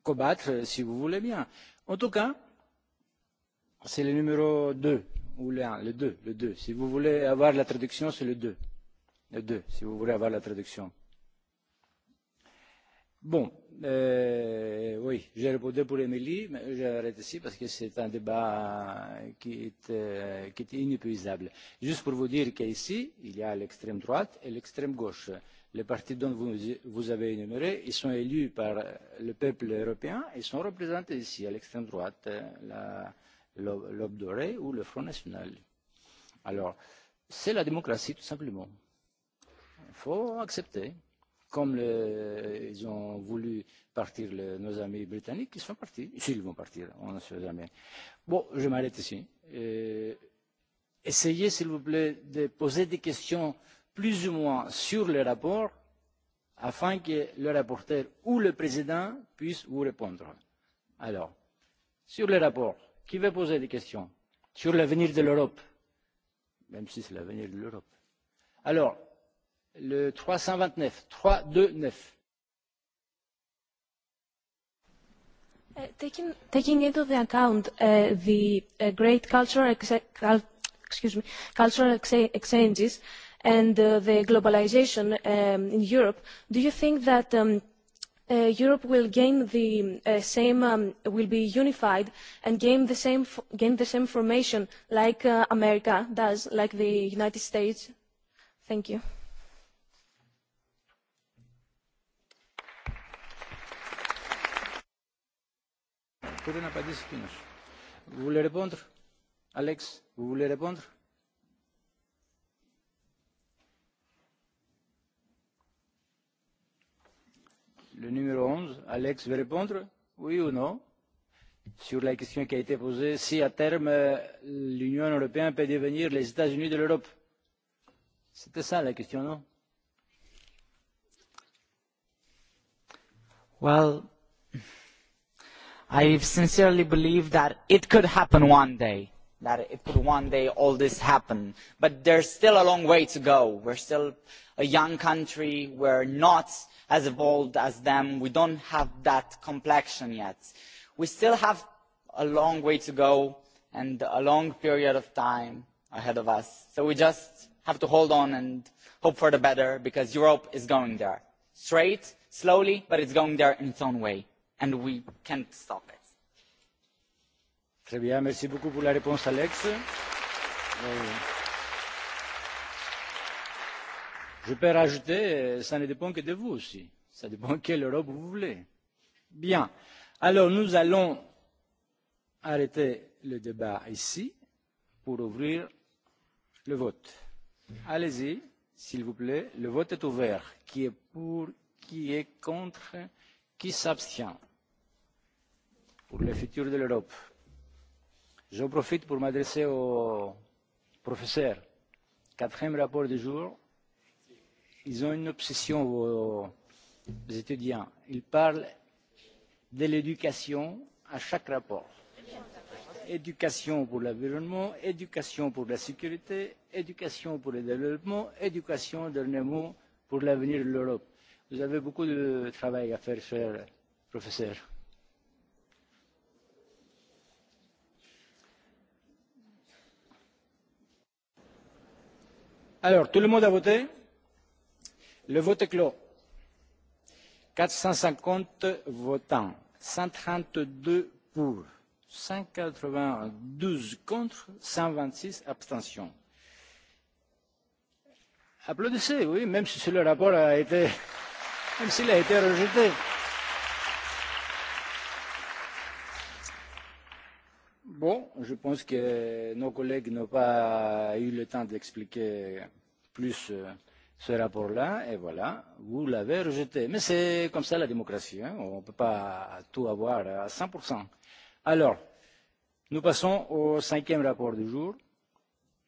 combattre, si vous voulez bien. En tout cas, c'est le numéro 2, ou le 1, le 2, le 2. Si vous voulez avoir la traduction, c'est le 2. Le 2, si vous voulez avoir la traduction. Bon, euh, oui, j'ai répondu pour Émilie, mais j'arrête ici parce que c'est un débat qui est, qui est inépuisable. Juste pour vous dire qu'ici, il y a l'extrême droite et l'extrême gauche les partis dont vous, vous avez énuméré, ils sont élus par le peuple européen et sont représentés ici, à l'extrême droite, l'aube dorée ou le Front National. Alors, c'est la démocratie, tout simplement. Il faut accepter. Comme le, ils ont voulu partir le, nos amis britanniques, ils sont partis. S'ils vont partir, on ne sait jamais. Bon, je m'arrête ici. Euh, essayez, s'il vous plaît, de poser des questions plus ou moins sur le rapport afin que le rapporteur ou le président puisse vous répondre. Alors, sur le rapport, qui veut poser des questions sur l'avenir de l'Europe, même si c'est l'avenir de l'Europe. Alors, le 329, 329. Uh, taking, taking into the account uh, the uh, great cultural, exchanges, and the globalisation in Europe, do you think that Europe will gain the same, will be unified and gain the same, gain the same formation like America does, like the United States? Thank you. Vous voulez répondre, Alex Vous voulez répondre le numéro 11. Alex veut répondre Oui ou non Sur la question qui a été posée, si à terme l'Union européenne peut devenir les États-Unis de l'Europe. C'était ça la question, non Well, I sincerely believe that it could happen one day that it could one day all this happen. But there's still a long way to go. We're still a young country. We're not as evolved as them. We don't have that complexion yet. We still have a long way to go and a long period of time ahead of us. So we just have to hold on and hope for the better because Europe is going there. Straight, slowly, but it's going there in its own way. And we can't stop it. Très bien, merci beaucoup pour la réponse, Alex. Je peux rajouter, ça ne dépend que de vous aussi. Ça dépend quelle Europe vous voulez. Bien. Alors, nous allons arrêter le débat ici pour ouvrir le vote. Allez-y, s'il vous plaît. Le vote est ouvert. Qui est pour Qui est contre Qui s'abstient Pour le futur de l'Europe. J'en profite pour m'adresser aux professeurs. Quatrième rapport du jour. Ils ont une obsession, aux étudiants. Ils parlent de l'éducation à chaque rapport. Éducation pour l'environnement, éducation pour la sécurité, éducation pour le développement, éducation, dernier mot, pour l'avenir de l'Europe. Vous avez beaucoup de travail à faire, chers professeurs. Alors, tout le monde a voté Le vote est clos. 450 votants, 132 pour, 192 contre, 126 abstentions. Applaudissez, oui, même si le rapport a été, même s'il a été rejeté. Bon, je pense que nos collègues n'ont pas eu le temps d'expliquer plus ce rapport-là, et voilà, vous l'avez rejeté. Mais c'est comme ça la démocratie, hein on ne peut pas tout avoir à 100%. Alors, nous passons au cinquième rapport du jour.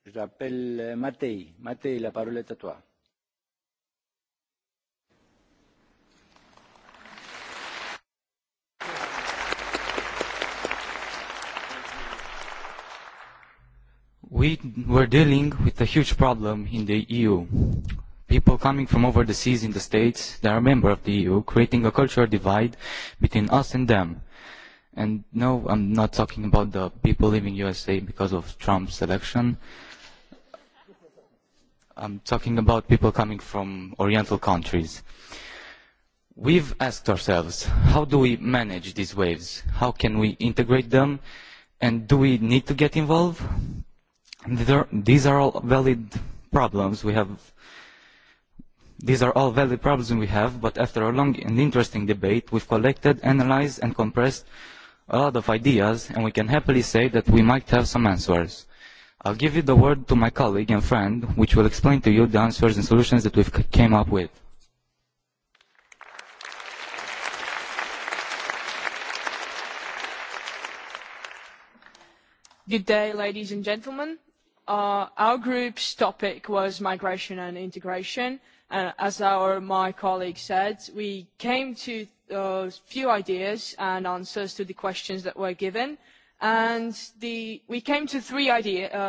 Je t'appelle Matei. Matei, la parole est à toi. We were dealing with a huge problem in the EU. People coming from over the seas in the States that are member of the EU, creating a cultural divide between us and them. And no, I'm not talking about the people leaving USA because of Trump's election. I'm talking about people coming from Oriental countries. We've asked ourselves, how do we manage these waves? How can we integrate them? And do we need to get involved? These are, all valid problems we have. These are all valid problems we have, but after a long and interesting debate, we've collected, analyzed, and compressed a lot of ideas, and we can happily say that we might have some answers. I'll give you the word to my colleague and friend, which will explain to you the answers and solutions that we've came up with. Good day, ladies and gentlemen our group's topic was migration and integration. And as our, my colleague said, we came to a few ideas and answers to the questions that were given. And we came to three,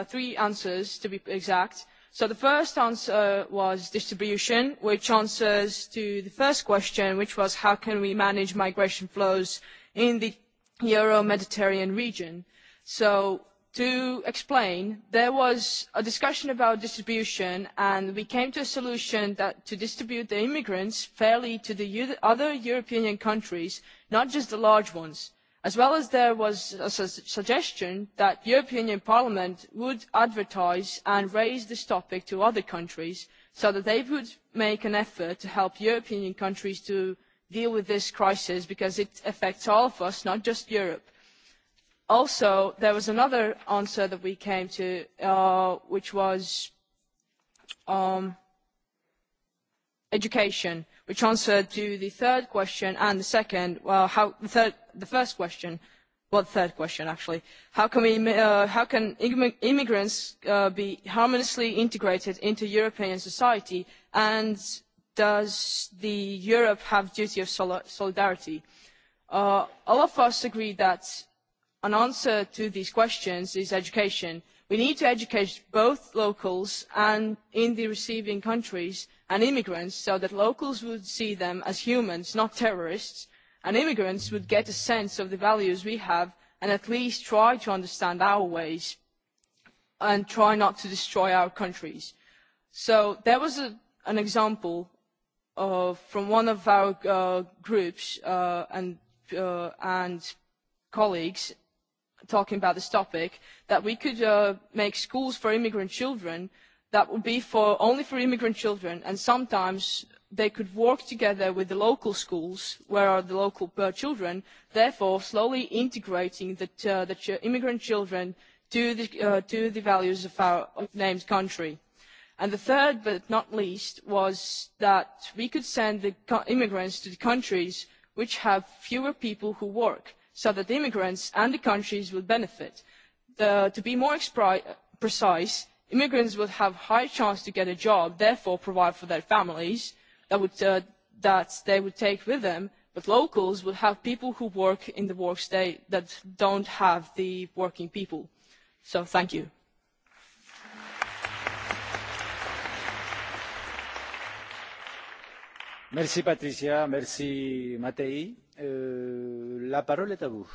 three answers, to be exact. So the first answer was distribution, which answers to the first question, which was how can we manage migration flows in the Euro-Mediterranean region. So to explain, there was a discussion about distribution, and we came to a solution that to distribute the immigrants fairly to the other European countries, not just the large ones. As well as there was a suggestion that the European Parliament would advertise and raise this topic to other countries so that they would make an effort to help European countries to deal with this crisis because it affects all of us, not just Europe also, there was another answer that we came to, uh, which was um, education, which answered to the third question and the second. Well, how the third, the first question, well, the third question actually. How can we, uh, how can immigrants uh, be harmoniously integrated into European society, and does the Europe have duty of solidarity? Uh, all of us agree that an answer to these questions is education. We need to educate both locals and in the receiving countries and immigrants so that locals would see them as humans, not terrorists, and immigrants would get a sense of the values we have and at least try to understand our ways and try not to destroy our countries. So there was a, an example from one of our uh, groups uh, and, uh, and colleagues talking about this topic, that we could uh, make schools for immigrant children that would be for only for immigrant children, and sometimes they could work together with the local schools, where are the local uh, children, therefore slowly integrating the, uh, the ch- immigrant children to the, uh, to the values of our named country. And the third, but not least, was that we could send the immigrants to the countries which have fewer people who work so that immigrants and the countries will benefit. to be more precise, immigrants will have a high chance to get a job, therefore provide for their families that, they would take with them, but locals will have people who work in the work state that don't have the working people. So thank you. Merci Patricia, merci Euh, la parole est à vous.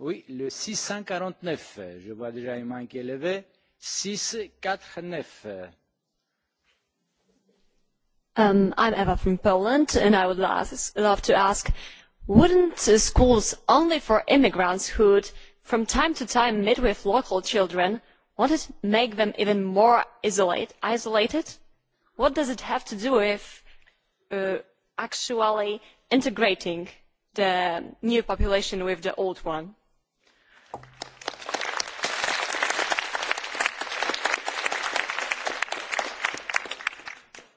oui, le 649. Je vois déjà une main qui est levée. 649. Um, I'm Eva from Poland, and I would love to ask, wouldn't schools only for immigrants who'd from time to time, meet with local children, wouldn't make them even more isolate, isolated? What does it have to do with uh, actually integrating the new population with the old one.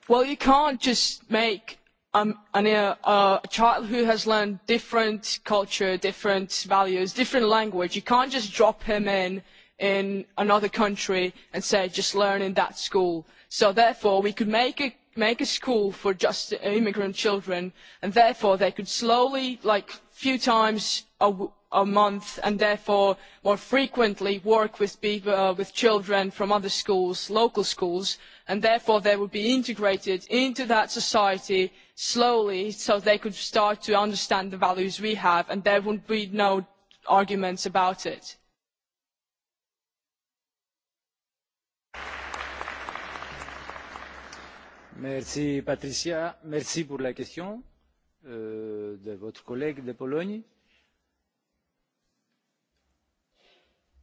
Well, you can't just make um, an, uh, a child who has learned different culture, different values, different language. You can't just drop him in in another country and say just learn in that school. So therefore, we could make a make a school for just immigrant children, and therefore they could slowly, like few times a, a month, and therefore more frequently work with people, uh, with children from other schools, local schools, and therefore they would be integrated into that society slowly, so they could start to understand the values we have, and there would be no arguments about it Merci Patricia, merci pour la question de votre collègue de Pologne.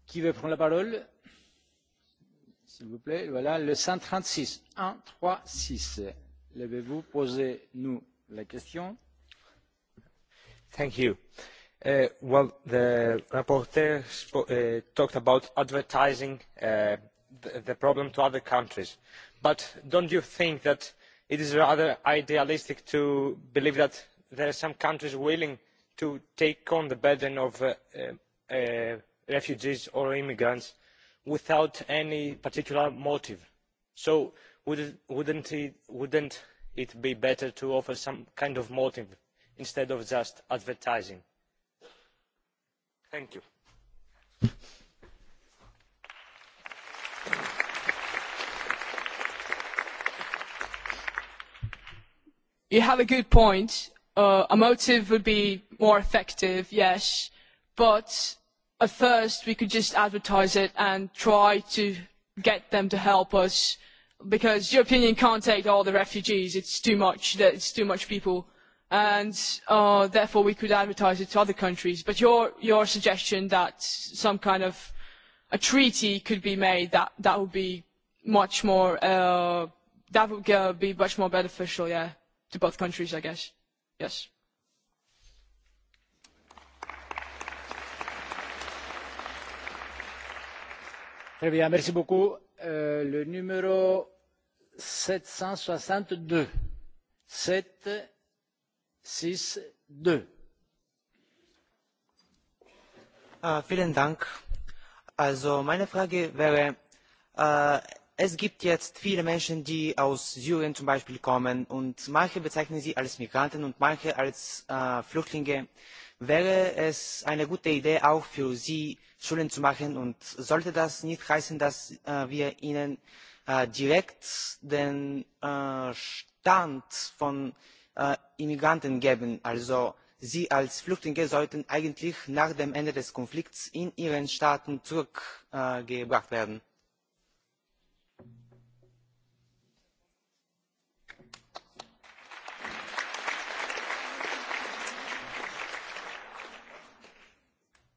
Qui veut prendre la parole S'il vous plaît, voilà le 136. Un, trois, six. Levez-vous, posez-nous la question. Thank you. well, the rapporteur spo- uh, talked about advertising uh, the, the problem to other countries but do you not think that it is rather idealistic to believe that there are some countries willing to take on the burden of refugees or immigrants without any particular motive? so would it not be better to offer some kind of motive instead of just advertising? you have a good point. Uh, a motive would be more effective, yes, but at first we could just advertise it and try to get them to help us because European Union can't take all the refugees. It's too much. It's too much people, and uh, therefore we could advertise it to other countries. But your your suggestion that some kind of a treaty could be made that that would be much more uh, that would uh, be much more beneficial. Yeah to both countries, I guess. Yes. Très bien, merci beaucoup. Euh, le numéro 762. 7, 6, 2. Uh, vielen Dank. Also meine Frage wäre, äh, Es gibt jetzt viele Menschen, die aus Syrien zum Beispiel kommen und manche bezeichnen sie als Migranten und manche als Flüchtlinge. Wäre es eine gute Idee, auch für sie Schulen zu machen und sollte das nicht heißen, dass wir ihnen direkt den Stand von Immigranten geben? Also sie als Flüchtlinge sollten eigentlich nach dem Ende des Konflikts in ihren Staaten zurückgebracht werden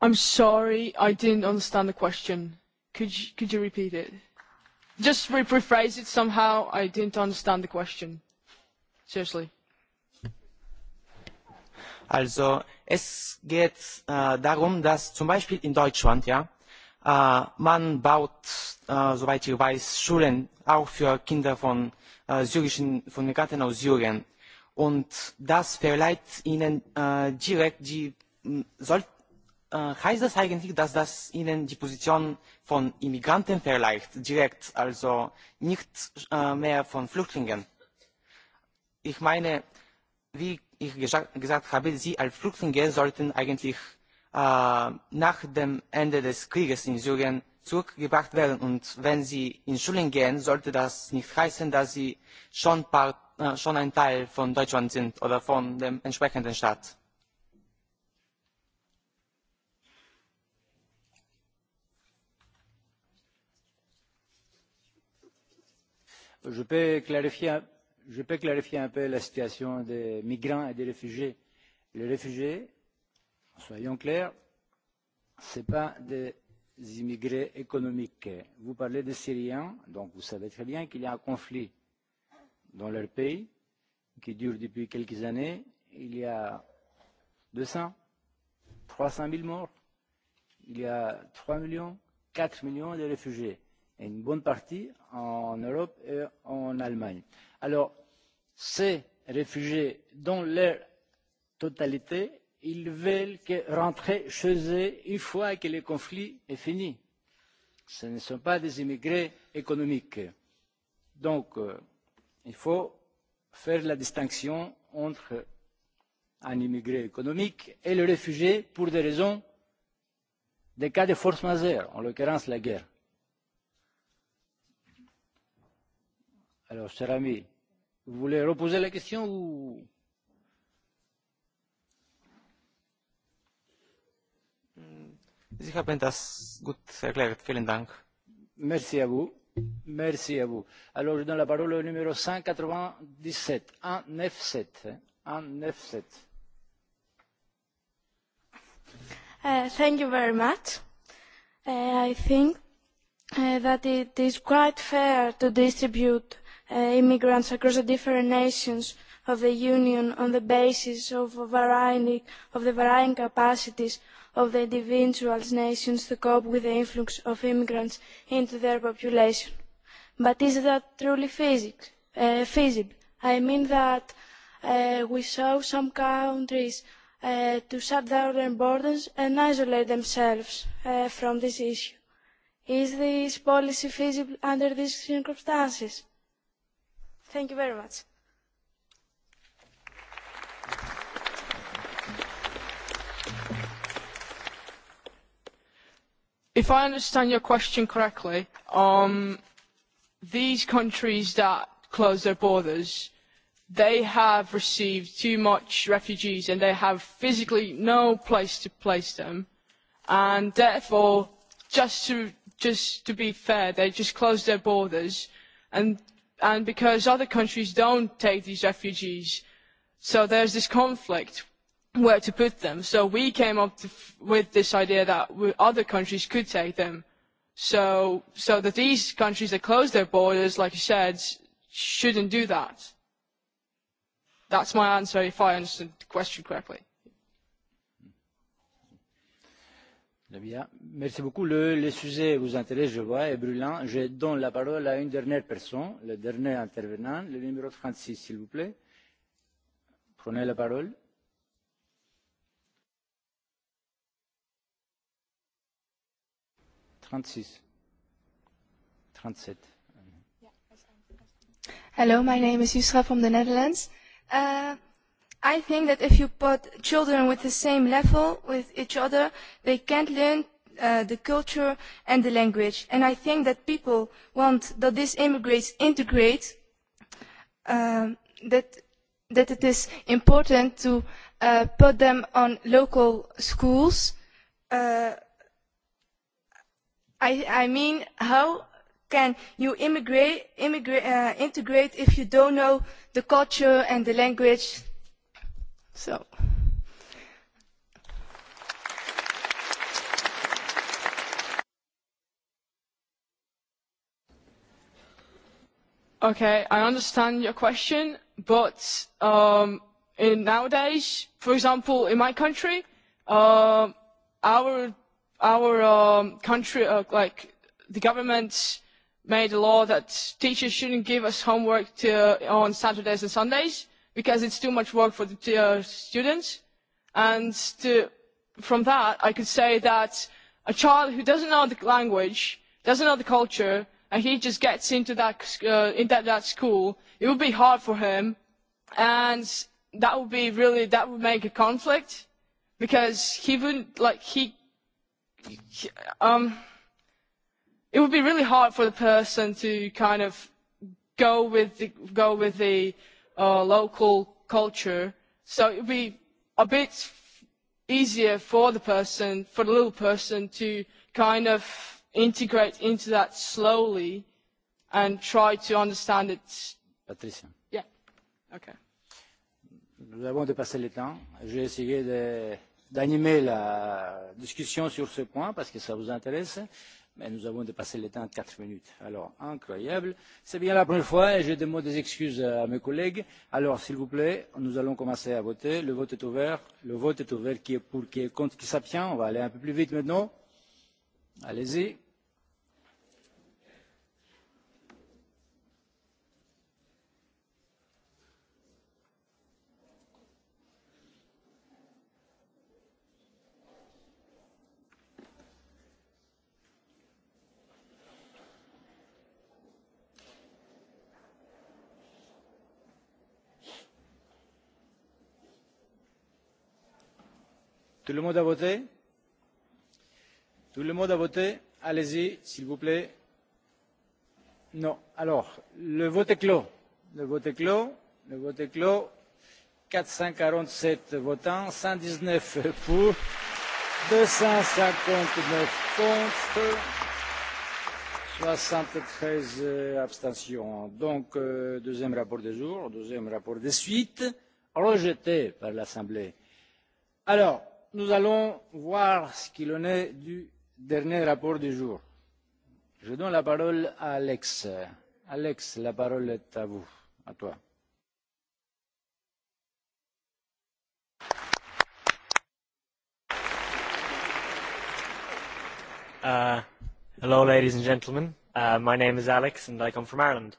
I'm sorry, I didn't understand the question. Could you, could you repeat it? Just re rephrase it somehow. I didn't understand the question. Seriously. Also, es geht äh, darum, dass zum Beispiel in Deutschland, ja, äh, man baut, äh, soweit ich weiß, Schulen auch für Kinder von äh, syrischen, von Migranten aus Syrien. Und das verleiht ihnen äh, direkt die, soll, heißt das eigentlich, dass das ihnen die Position von Immigranten verleiht, direkt, also nicht mehr von Flüchtlingen? Ich meine, wie ich gesagt habe, sie als Flüchtlinge sollten eigentlich nach dem Ende des Krieges in Syrien zurückgebracht werden. Und wenn sie in Schulen gehen, sollte das nicht heißen, dass sie schon, ein Teil von Deutschland sind oder von dem entsprechenden Staat Je peux clarifier, un peu la situation des migrants et des réfugiés. Les réfugiés, soyons clairs, ce ne sont pas des immigrés économiques. Vous parlez des Syriens, donc vous savez très bien qu'il y a un conflit dans leur pays qui dure depuis quelques années. Il y a 200, 300 000 morts, il y a 3 millions, 4 millions de réfugiés et une bonne partie en Europe et en Allemagne. Alors, ces réfugiés, dans leur totalité, ils veulent rentrer chez eux une fois que le conflit est fini. Ce ne sont pas des immigrés économiques. Donc, il faut faire la distinction entre un immigré économique et le réfugié pour des raisons des cas de force majeure, en l'occurrence la guerre Alors, cher ami, vous voulez reposer la question ou... Sie haben das gut erklärt. Vielen Dank. Merci à vous. Merci à vous. Alors, je donne la parole au numéro 197. 197. 197. Uh, thank you very much. Uh, I think uh, that it is quite fair to distribute immigrants across the different nations of the Union on the basis of, a variety, of the varying capacities of the individual nations to cope with the influx of immigrants into their population. But is that truly physics, uh, feasible? I mean that uh, we saw some countries uh, to shut down their borders and isolate themselves uh, from this issue. Is this policy feasible under these circumstances? Thank you very much. If I understand your question correctly, um, these countries that close their borders, they have received too much refugees and they have physically no place to place them. And therefore, just to, just to be fair, they just close their borders and and because other countries don't take these refugees. So there's this conflict where to put them. So we came up to, with this idea that w other countries could take them. So, so that these countries that close their borders, like I said, shouldn't do that. That's my answer if I understood the question correctly. Très bien. Merci beaucoup. Le, le sujet vous intéresse, je vois, est brûlant. Je donne la parole à une dernière personne, le dernier intervenant, le numéro 36, s'il vous plaît. Prenez la parole. Hello, my name is Yusra from the Netherlands. Uh, I think that if you put children with the same level with each other, they can't learn uh, the culture and the language. And I think that people want that these immigrants integrate, um, that, that it is important to uh, put them on local schools. Uh, I, I mean, how can you immigrate, immigrate, uh, integrate if you don't know the culture and the language So. Okay, I understand your question, but um, in nowadays, for example, in my country, um, our our um, country, uh, like the government, made a law that teachers shouldn't give us homework to, uh on Saturdays and Sundays because it's too much work for the uh, students. And to, from that, I could say that a child who doesn't know the language, doesn't know the culture, and he just gets into that, uh, into that school, it would be hard for him. And that would be really, that would make a conflict because he wouldn't, like, he, he um, it would be really hard for the person to kind of go with the, go with the, uh, local culture. So it would be a bit easier for the person, for the little person to kind of integrate into that slowly and try to understand it. Patricia. Yeah. Okay. Nous avons dépassé le temps. J'ai essayé d'animer la discussion sur ce point parce que ça vous intéresse mais nous avons dépassé le temps de quatre minutes. Alors, incroyable. C'est bien la première fois et je demande des excuses à mes collègues. Alors, s'il vous plaît, nous allons commencer à voter. Le vote est ouvert. Le vote est ouvert. Qui est pour, qui est contre, qui s'abstient On va aller un peu plus vite maintenant. Allez-y. Tout le monde a voté Tout le monde a voté Allez-y, s'il vous plaît. Non. Alors, le vote est clos. Le vote est clos. Le vote est clos. 447 votants, 119 pour, 259 contre, 73 abstentions. Donc, euh, deuxième rapport des jours, deuxième rapport des suites rejeté par l'Assemblée. Alors, nous allons voir ce qu'il en est du dernier rapport du jour. Je donne la parole à Alex. Alex, la parole est à vous, à toi. Uh, hello, ladies and gentlemen. Uh, my name is Alex, and I come from Ireland.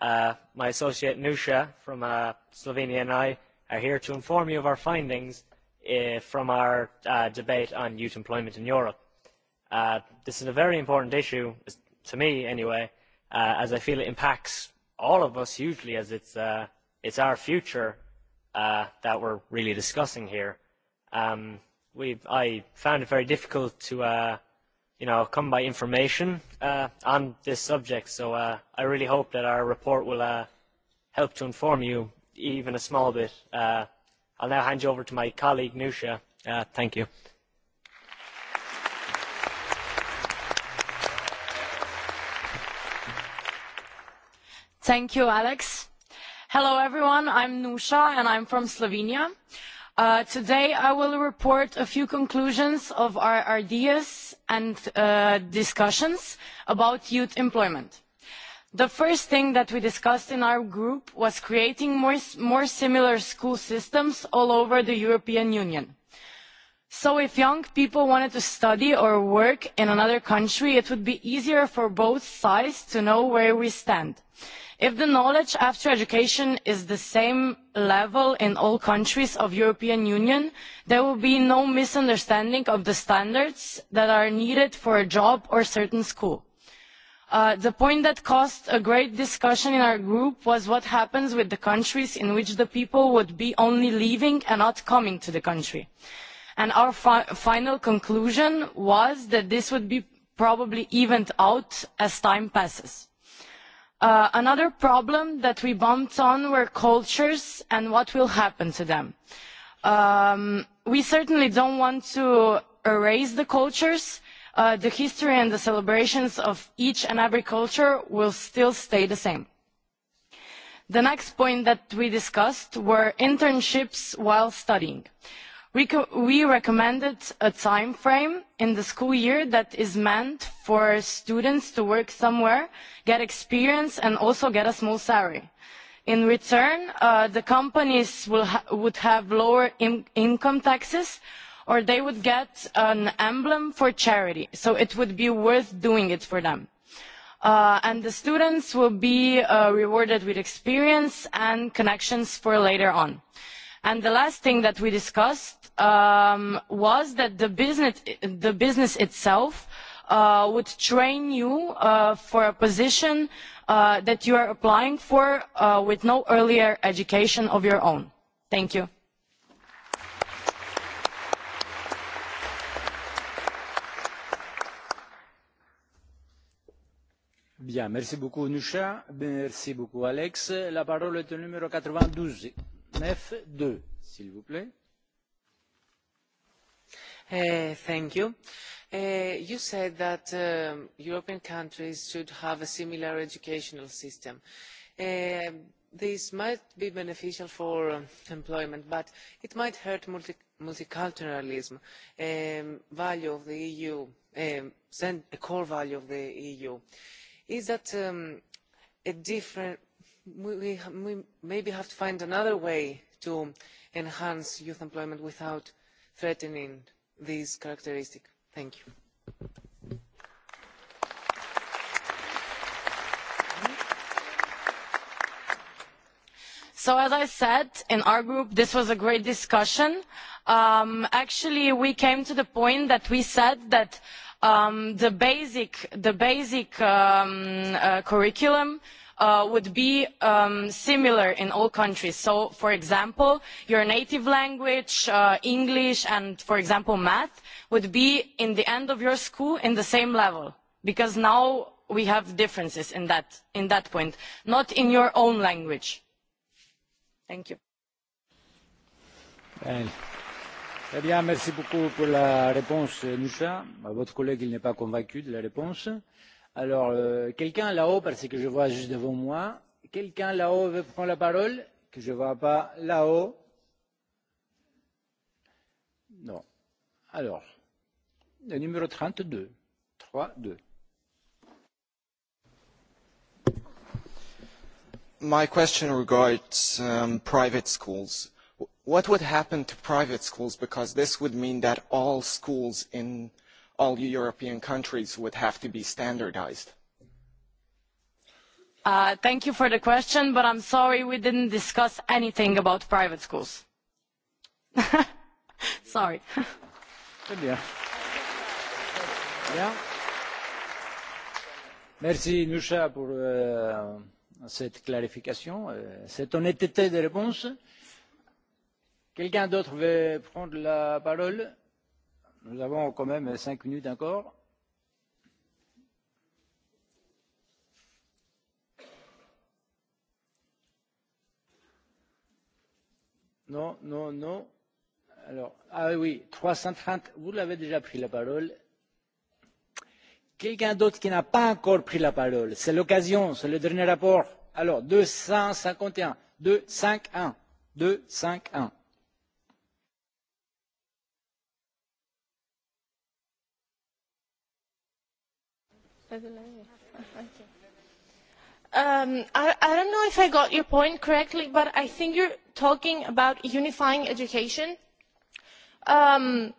Uh, my associate Nusha from uh, Slovenia and I are here to inform you of our findings uh, from our uh, debate on youth employment in Europe. Uh, this is a very important issue, to me anyway, uh, as I feel it impacts all of us hugely as it's, uh, it's our future uh, that we're really discussing here. Um, we, I found it very difficult to uh, you know, come by information uh, on this subject, so uh, I really hope that our report will uh, help to inform you even a small bit uh, I'll now hand you over to my colleague, Nusha. Uh, thank you. Thank you, Alex. Hello, everyone. I'm Nusha, and I'm from Slovenia. Uh, today, I will report a few conclusions of our ideas and uh, discussions about youth employment The first thing that we discussed in our group was creating more, similar school systems all over the European Union. So if young people wanted to study or work in another country, it would be easier for both sides to know where we stand. If the knowledge after education is the same level in all countries of the European Union, there will be no misunderstanding of the standards that are needed for a job or certain school the point that caused a great discussion in our group was what happens with the countries in which the people would be only leaving and not coming to the country. And our fi final conclusion was that this would be probably evened out as time passes. Uh, another problem that we bumped on were cultures and what will happen to them. Um, we certainly don't want to erase the cultures, uh, the history and the celebrations of each and every culture will still stay the same. The next point that we discussed were internships while studying. We, co- we recommended a time frame in the school year that is meant for students to work somewhere, get experience, and also get a small salary. In return, uh, the companies will ha- would have lower in- income taxes, or they would get an emblem for charity. So it would be worth doing it for them. Uh, and the students will be uh, rewarded with experience and connections for later on. And the last thing that we discussed um, was that the business, the business itself uh, would train you uh, for a position uh, that you are applying for uh, with no earlier education of your own. Thank you. Bien, merci beaucoup merci beaucoup Alex. La parole est au numéro s'il vous plaît. thank you. you said that European countries should have a similar educational system. this might be beneficial for employment, but it might hurt multi multiculturalism, value of the EU, a core value of the EU is that um, a different we, we maybe have to find another way to enhance youth employment without threatening these characteristics. Thank you. So as I said, in our group, this was a great discussion. Um, actually, we came to the point that we said that um, the basic, the basic um, uh, curriculum uh, would be um, similar in all countries. So, for example, your native language, uh, English, and, for example, math would be in the end of your school in the same level because now we have differences in that, in that point, not in your own language. Thank you. Bene. Eh bien, merci beaucoup pour la réponse, Nusha. Votre collègue, il n'est pas convaincu de la réponse. Alors, euh, quelqu'un là-haut, parce que je vois juste devant moi, quelqu'un là-haut veut prendre la parole, que je ne vois pas là-haut. Non. Alors, le numéro 32. 3, 2. My question regards um, private schools what would happen to private schools? Because this would mean that all schools in all European countries would have to be standardized. Uh, thank you for the question, but I'm sorry we didn't discuss anything about private schools. sorry. Bien. Bien. Merci Nusha pour euh, cette clarification, euh, cette honnêteté de réponse. Quelqu'un d'autre veut prendre la parole Nous avons quand même cinq minutes encore. Non, non, non. Alors, ah oui, 330, vous l'avez déjà pris la parole. Quelqu'un d'autre qui n'a pas encore pris la parole C'est l'occasion, c'est le dernier rapport. Alors, 251, 251, 251. Um, I, I don't know if I got your point correctly, but I think you're talking about unifying education. Um,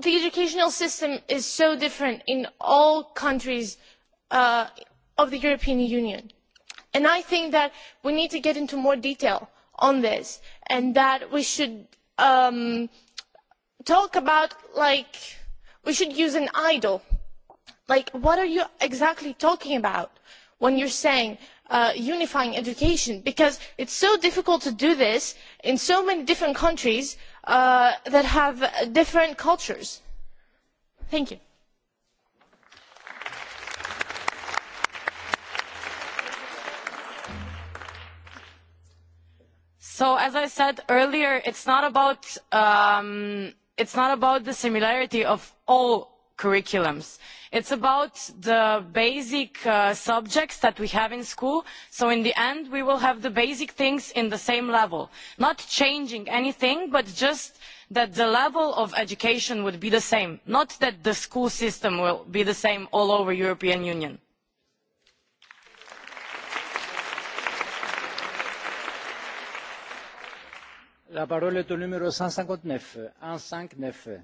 the educational system is so different in all countries uh, of the European Union. And I think that we need to get into more detail on this and that we should um, talk about, like, we should use an idol Like, what are you exactly talking about when you're saying uh, unifying education? Because it's so difficult to do this in so many different countries uh, that have different cultures. Thank you. So as I said earlier, it's not about um, it's not about the similarity of all curriculums. It's about the basic subjects that we have in school, so in the end we will have the basic things in the same level. Not changing anything, but just that the level of education would be the same, not that the school system will be the same all over the European Union. La parole est au numéro 159, 159.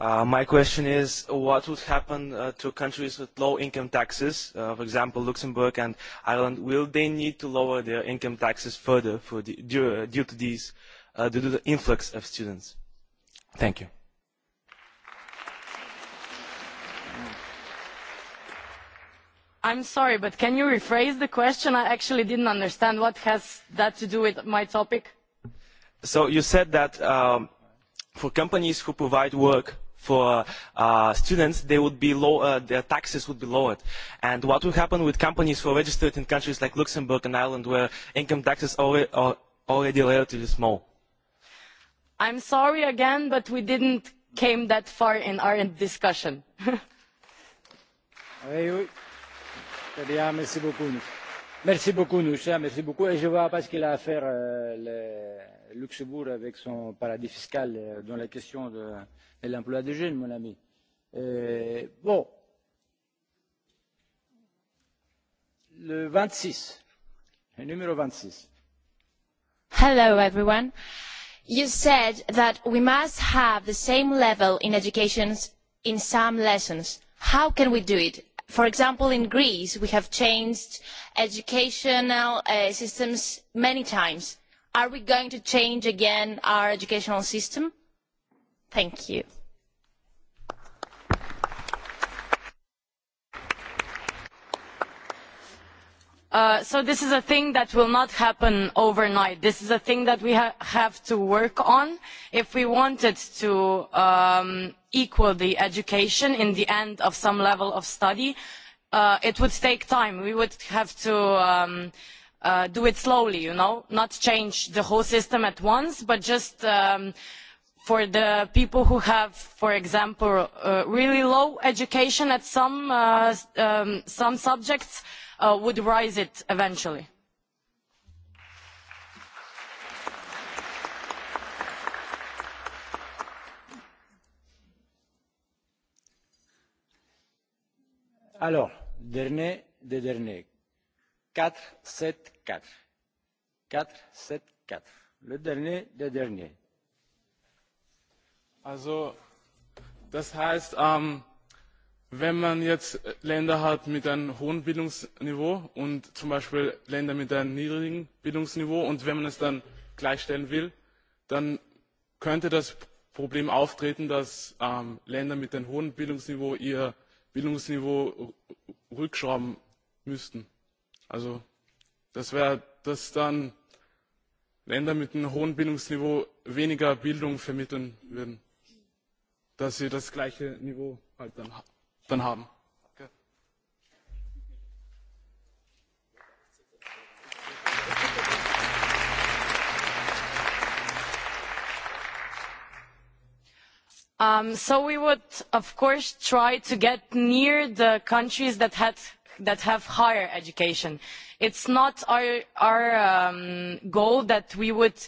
my question is, what would happen uh, to countries with low income taxes, uh, for example, Luxembourg and Ireland? Will they need to lower their income taxes further for the, due, due to these, uh, due to the influx of students? Thank you. I'm sorry, but can you rephrase the question? I actually didn't understand what has that to do with my topic. So you said that um, for companies who provide work for uh, students, they would be low, uh, their taxes would be lowered. And what will happen with companies who are registered in countries like Luxembourg and Ireland, where income taxes are already relatively small? I'm sorry again, but we didn't came that far in our discussion. merci beaucoup. Nusha. merci beaucoup. Et je vois parce qu'il a affaire euh, le Luxembourg avec son paradis fiscal dans la question de, de l'emploi des jeunes, mon ami. Euh, bon, le 26, le numéro 26. Hello everyone. You said that we must have the same level in education in some lessons. How can we do it? For example, in Greece, we have changed educational uh, systems many times Are we going to change again our educational system? Thank you. so this is a thing that will not happen overnight. This is a thing that we ha have to work on if we wanted to um, equal the education in the end of some level of study. Uh, it would take time. We would have to um, uh, uh, do it slowly, you know, not change the whole system at once, but just um, for the people who have, for example, uh, really low education at some, uh, um, some subjects uh, would rise it eventually. Alors, dernier des derniers quatre sept quatre quatre sept quatre le dernier des derniers. Also das heißt, ähm, wenn man jetzt Länder hat mit einem hohen Bildungsniveau und zum Beispiel Länder mit einem niedrigen Bildungsniveau und wenn man es dann gleichstellen will, dann könnte das Problem auftreten, dass ähm, Länder mit einem hohen Bildungsniveau ihr Bildungsniveau rückschrauben müssten. Also das wäre, dass dann Länder mit einem hohen Bildungsniveau weniger Bildung vermitteln würden, dass sie das gleiche Niveau halt dann, dann haben. Um, so we would, of course, try to get near the countries that had that have higher education. It's not our, our um, goal that we would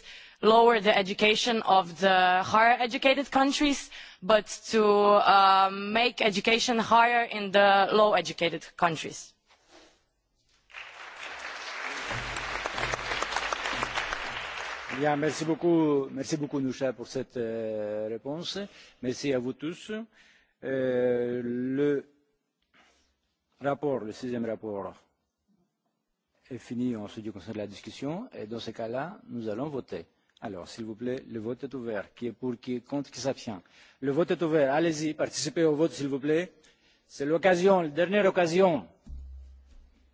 lower the education of the higher educated countries, but to um, make education higher in the low educated countries. Bien, merci beaucoup, merci beaucoup Noucha pour cette euh, réponse. Merci à vous tous. Euh, le Rapport, le sixième rapport est fini en ce qui concerne la discussion. Et dans ce cas-là, nous allons voter. Alors, s'il vous plaît, le vote est ouvert. Qui est pour, qui est contre, qui s'abstient Le vote est ouvert. Allez-y, participez au vote, s'il vous plaît. C'est l'occasion, la dernière occasion de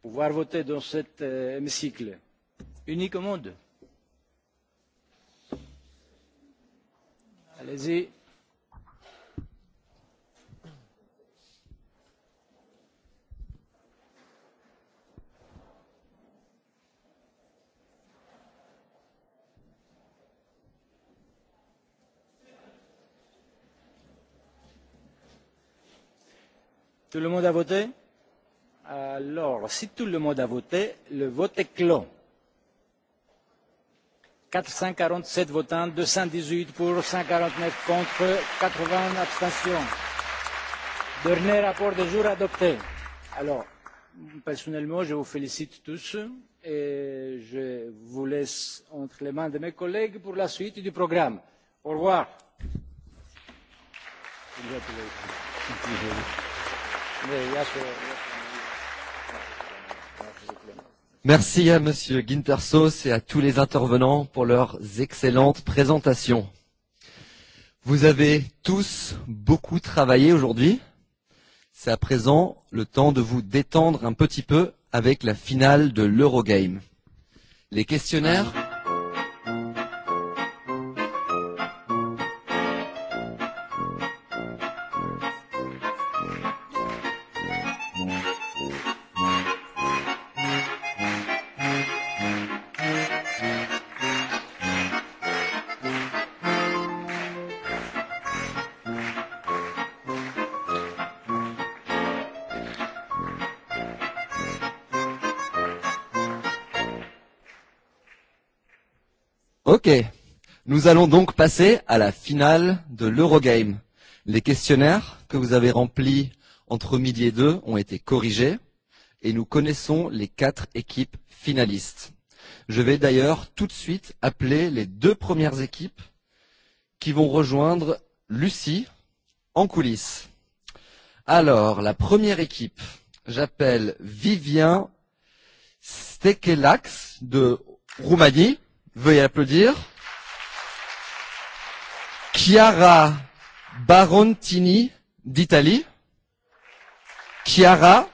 pouvoir voter dans cet euh, hémicycle. Unique au monde. Allez-y. Tout le monde a voté Alors, si tout le monde a voté, le vote est clos. 447 votants, 218 pour, 149 contre, 80 abstentions. Dernier rapport de jour adopté. Alors, personnellement, je vous félicite tous et je vous laisse entre les mains de mes collègues pour la suite du programme. Au revoir. Congratulations. Merci à Monsieur Gintersos et à tous les intervenants pour leurs excellentes présentations. Vous avez tous beaucoup travaillé aujourd'hui. C'est à présent le temps de vous détendre un petit peu avec la finale de l'Eurogame. Les questionnaires Nous allons donc passer à la finale de l'Eurogame. Les questionnaires que vous avez remplis entre midi et deux ont été corrigés et nous connaissons les quatre équipes finalistes. Je vais d'ailleurs tout de suite appeler les deux premières équipes qui vont rejoindre Lucie en coulisses. Alors, la première équipe, j'appelle Vivien Stekelax de Roumanie. Veuillez applaudir. Chiara Barontini d'Italie, Chiara,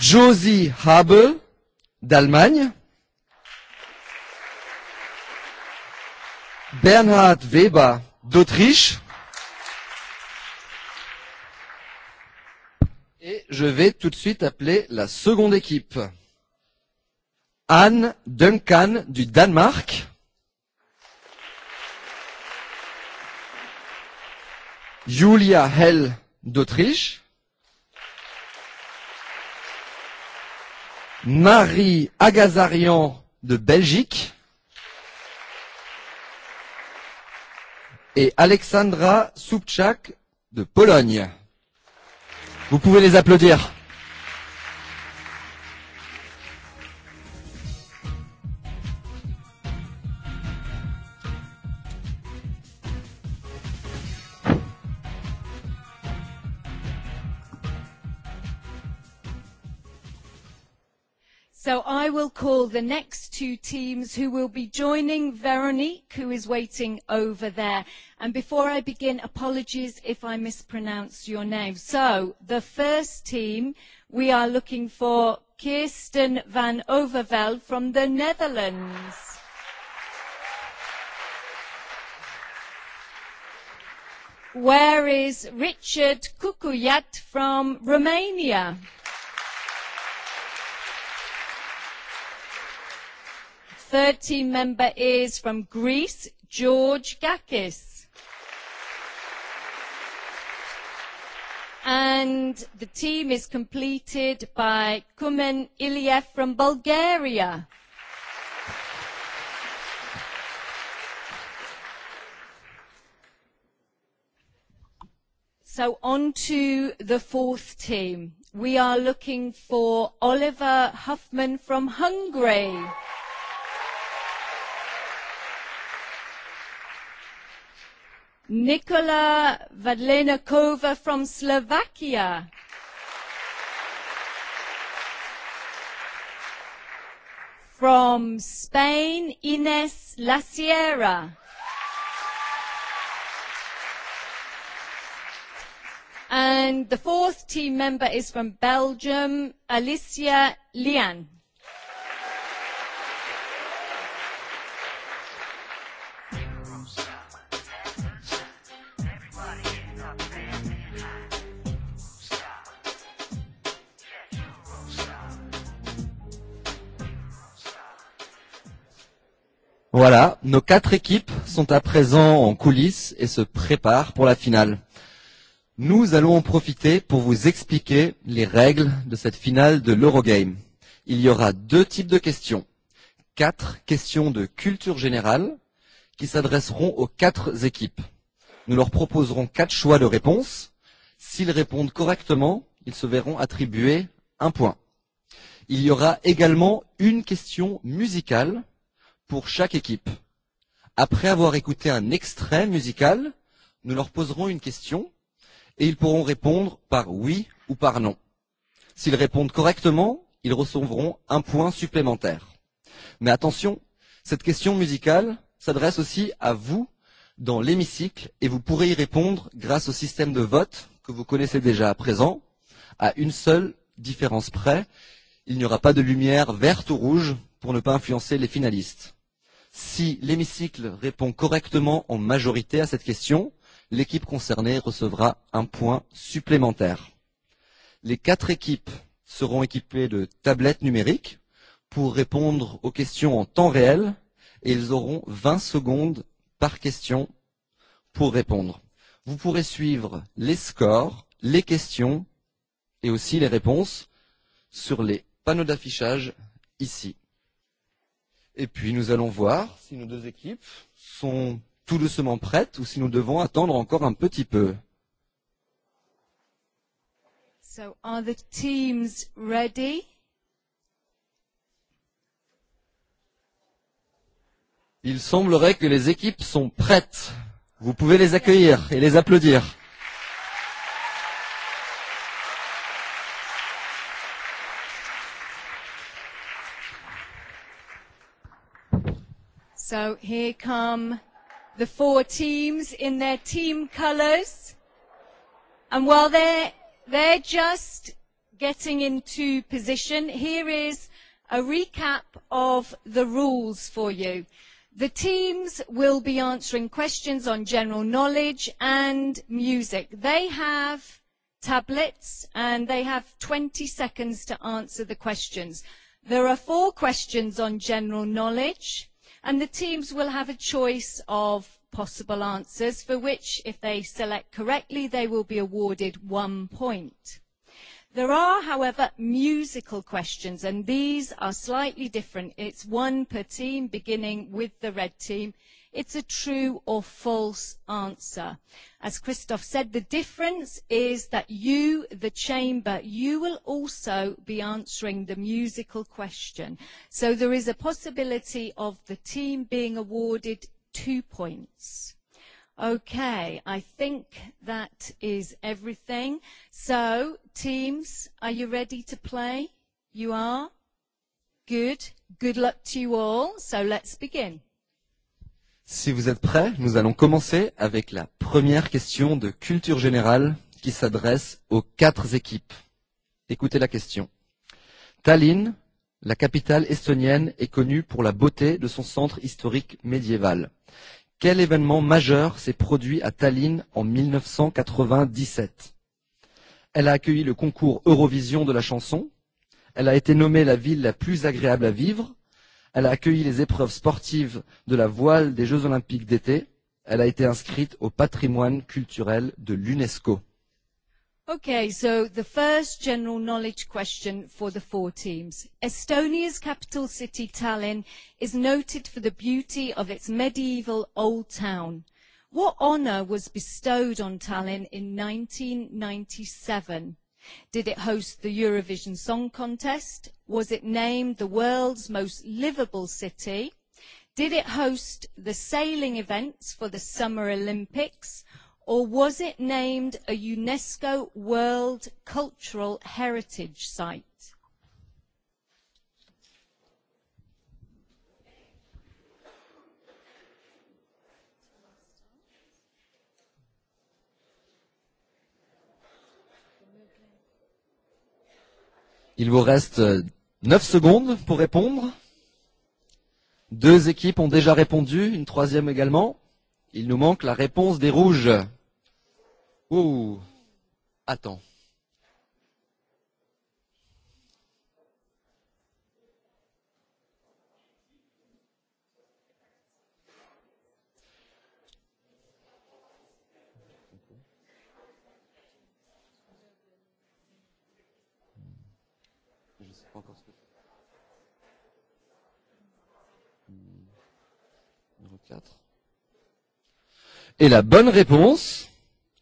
Josie Habe d'Allemagne, Bernhard Weber d'Autriche, et je vais tout de suite appeler la seconde équipe. Anne Duncan du Danemark. Julia Hell d'Autriche, Marie Agazarian de Belgique et Alexandra Subchak de Pologne. Vous pouvez les applaudir. call the next two teams who will be joining Veronique, who is waiting over there. And before I begin, apologies if I mispronounce your name. So, the first team, we are looking for Kirsten van Overveld from the Netherlands. Where is Richard Kukuyat from Romania? third team member is from Greece, George Gakis. And the team is completed by Kumen Iliev from Bulgaria. So on to the fourth team. We are looking for Oliver Huffman from Hungary. Nikola Vadlenakova from Slovakia. From Spain, Ines La Sierra. And the fourth team member is from Belgium, Alicia Lian. Voilà, nos quatre équipes sont à présent en coulisses et se préparent pour la finale. Nous allons en profiter pour vous expliquer les règles de cette finale de l'Eurogame. Il y aura deux types de questions. Quatre questions de culture générale qui s'adresseront aux quatre équipes. Nous leur proposerons quatre choix de réponse. S'ils répondent correctement, ils se verront attribuer un point. Il y aura également une question musicale pour chaque équipe. Après avoir écouté un extrait musical, nous leur poserons une question et ils pourront répondre par oui ou par non. S'ils répondent correctement, ils recevront un point supplémentaire. Mais attention, cette question musicale s'adresse aussi à vous dans l'hémicycle et vous pourrez y répondre grâce au système de vote que vous connaissez déjà à présent, à une seule différence près. Il n'y aura pas de lumière verte ou rouge pour ne pas influencer les finalistes. Si l'hémicycle répond correctement en majorité à cette question, l'équipe concernée recevra un point supplémentaire. Les quatre équipes seront équipées de tablettes numériques pour répondre aux questions en temps réel et ils auront 20 secondes par question pour répondre. Vous pourrez suivre les scores, les questions et aussi les réponses sur les panneaux d'affichage ici. Et puis nous allons voir si nos deux équipes sont tout doucement prêtes ou si nous devons attendre encore un petit peu. So are the teams ready? Il semblerait que les équipes sont prêtes. Vous pouvez les accueillir et les applaudir. So here come the four teams in their team colours. And while they're, they're just getting into position, here is a recap of the rules for you. The teams will be answering questions on general knowledge and music. They have tablets and they have 20 seconds to answer the questions. There are four questions on general knowledge and the teams will have a choice of possible answers for which, if they select correctly, they will be awarded one point. There are, however, musical questions, and these are slightly different. It's one per team, beginning with the red team It's a true or false answer. As Christoph said, the difference is that you, the chamber, you will also be answering the musical question. So there is a possibility of the team being awarded two points. Okay, I think that is everything. So, teams, are you ready to play? You are? Good. Good luck to you all. So let's begin. Si vous êtes prêts, nous allons commencer avec la première question de culture générale qui s'adresse aux quatre équipes. Écoutez la question. Tallinn, la capitale estonienne, est connue pour la beauté de son centre historique médiéval. Quel événement majeur s'est produit à Tallinn en 1997 Elle a accueilli le concours Eurovision de la chanson. Elle a été nommée la ville la plus agréable à vivre Elle a accueilli les épreuves sportives de la voile des Jeux olympiques d'été. Elle a été inscrite au patrimoine culturel de l'UNESCO. Okay, so the first general knowledge question for the four teams. Estonia's capital city Tallinn is noted for the beauty of its medieval old town. What honour was bestowed on Tallinn in 1997? Did it host the Eurovision Song Contest, Was it named the world's most livable city? Did it host the sailing events for the Summer Olympics? Or was it named a UNESCO World Cultural Heritage Site? Il vous reste 9 secondes pour répondre. Deux équipes ont déjà répondu, une troisième également. Il nous manque la réponse des rouges. Ouh, attends. Et la bonne réponse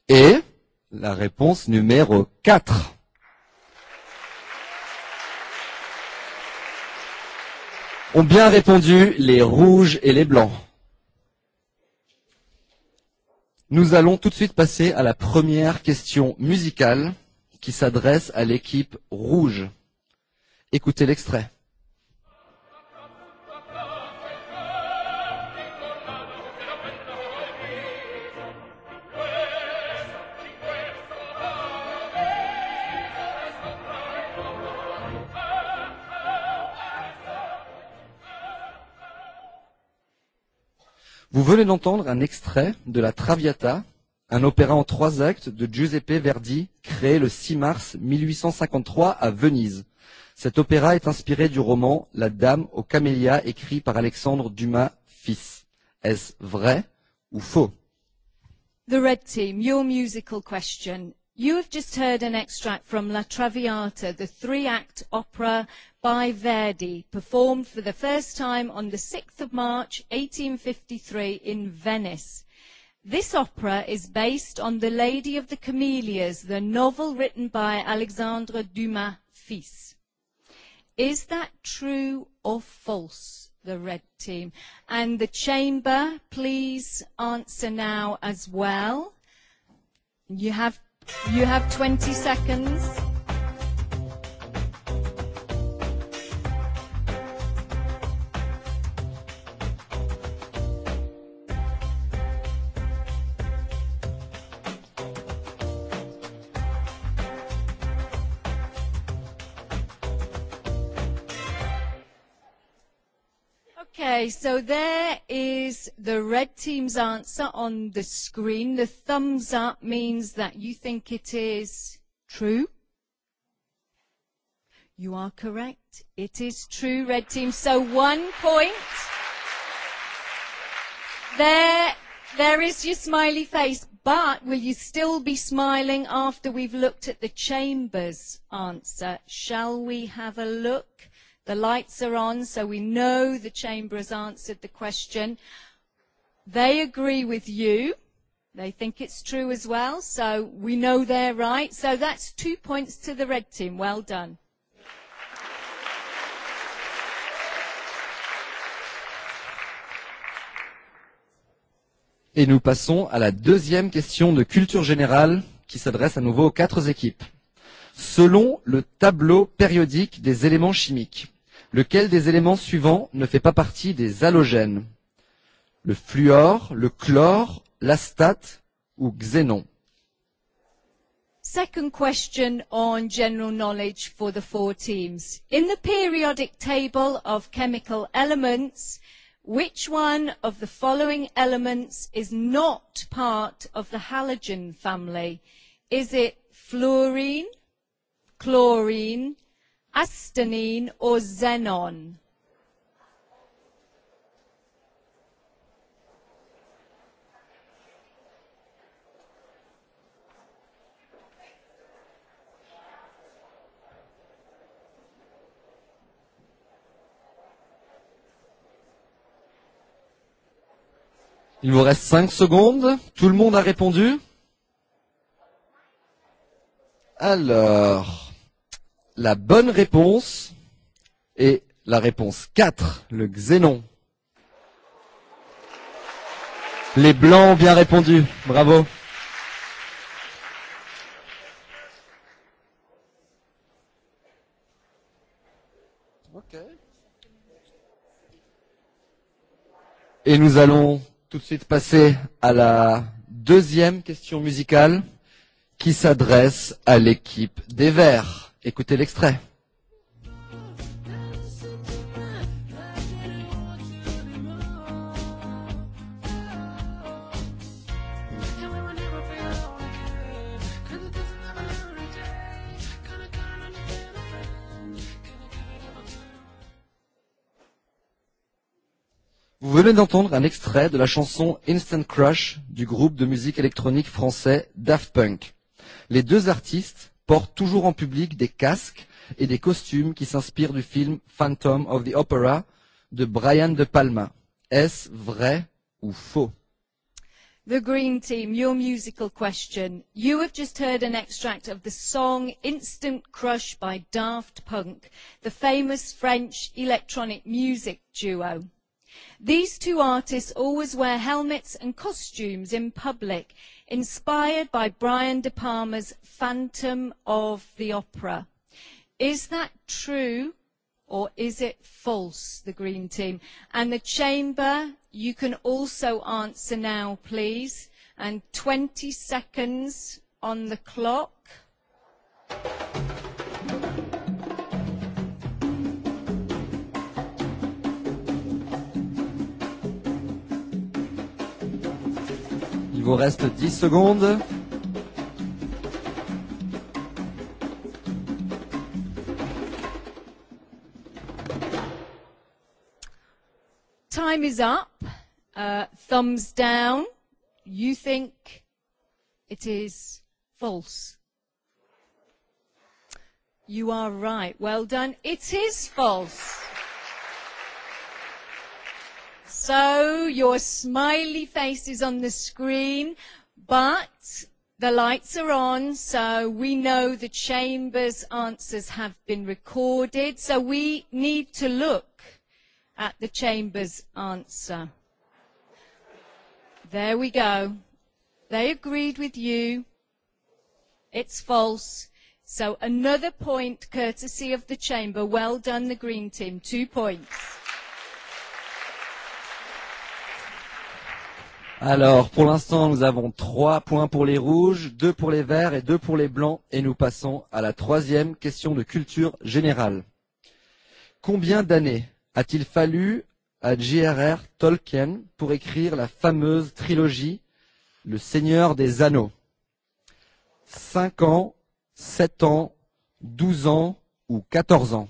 est la réponse numéro 4. Ont bien répondu les rouges et les blancs. Nous allons tout de suite passer à la première question musicale qui s'adresse à l'équipe rouge. Écoutez l'extrait. Vous venez d'entendre un extrait de La Traviata, un opéra en trois actes de Giuseppe Verdi, créé le 6 mars 1853 à Venise. Cet opéra est inspiré du roman La Dame aux Camélias, écrit par Alexandre Dumas fils. Est-ce vrai ou faux? The Red Team, your musical question You have just heard an extract from La Traviata, the three-act opera by Verdi, performed for the first time on the 6th of March 1853 in Venice. This opera is based on The Lady of the Camellias, the novel written by Alexandre Dumas Fils. Is that true or false, the red team? And the chamber, please answer now as well. You have You have 20 seconds. Okay, so there is the red team's answer on the screen. The thumbs up means that you think it is true. You are correct. It is true, red team. So one point. There, there is your smiley face, but will you still be smiling after we've looked at the chamber's answer? Shall we have a look? The lights are on, so we know the chamber has answered the question. They agree with you. They think it's true as well, so we know they're right. So that's two points to the red team. Well done. Et nous passons à la deuxième question de culture générale qui s'adresse à nouveau aux quatre équipes selon le tableau périodique des éléments chimiques. Lequel des éléments suivants ne fait pas partie des halogènes Le fluor, le chlore, l'astate ou xénon Second question on general knowledge for the four teams. In the periodic table of chemical elements, which one of the following elements is not part of the halogen family? Is it fluorine, chlorine, astenine or xenon? Il vous reste 5 secondes. Tout le monde a répondu Alors, La bonne réponse est la réponse 4, le xénon. Les blancs ont bien répondu. Bravo. Et nous allons tout de suite passer à la deuxième question musicale qui s'adresse à l'équipe des Verts. Écoutez l'extrait. Vous venez d'entendre un extrait de la chanson Instant Crush du groupe de musique électronique français Daft Punk. Les deux artistes portent toujours en public des casques et des costumes qui s'inspirent du film Phantom of the Opera de Brian De Palma. Est-ce vrai ou faux? The Green Team, your musical question. You have just heard an extract of the song Instant Crush by Daft Punk, the famous French electronic music duo. These two artists always wear helmets and costumes in public inspired by Brian De Palma's Phantom of the Opera. Is that true or is it false, the Green Team? And the Chamber, you can also answer now, please. And 20 seconds on the clock. Il vous reste 10 secondes. Time is up. Uh, thumbs down. You think it is false. You are right. Well done. It is false. So your smiley face is on the screen, but the lights are on, so we know the chamber's answers have been recorded. So we need to look at the chamber's answer. There we go. They agreed with you. It's false. So another point courtesy of the chamber. Well done, the green team. Two points. Alors, pour l'instant, nous avons trois points pour les rouges, deux pour les verts et deux pour les blancs. Et nous passons à la troisième question de culture générale. Combien d'années a-t-il fallu à J.R.R. Tolkien pour écrire la fameuse trilogie Le Seigneur des Anneaux cinq ans, sept ans, douze ans ou quatorze ans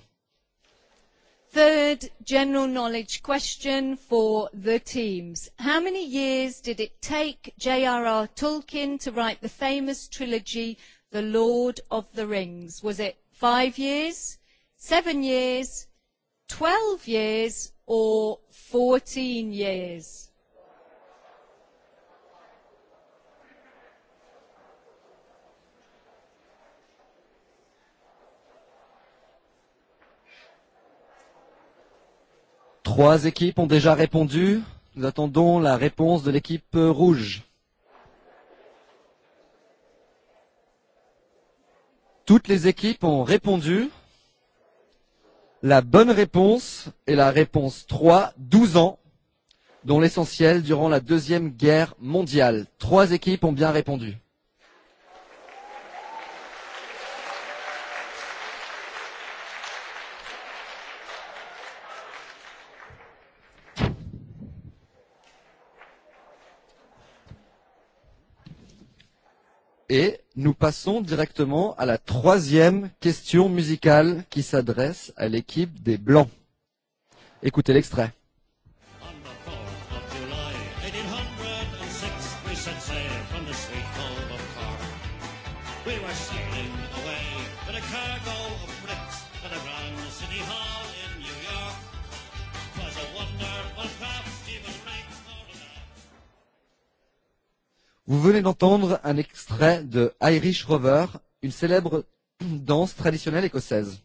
Third general knowledge question for the teams. How many years did it take J.R.R. Tolkien to write the famous trilogy, The Lord of the Rings? Was it five years, seven years, twelve years, or fourteen years? Trois équipes ont déjà répondu. Nous attendons la réponse de l'équipe rouge. Toutes les équipes ont répondu. La bonne réponse est la réponse 3, 12 ans, dont l'essentiel durant la Deuxième Guerre mondiale. Trois équipes ont bien répondu. Et nous passons directement à la troisième question musicale qui s'adresse à l'équipe des Blancs. Écoutez l'extrait. Vous venez d'entendre un extrait de Irish Rover, une célèbre danse traditionnelle écossaise.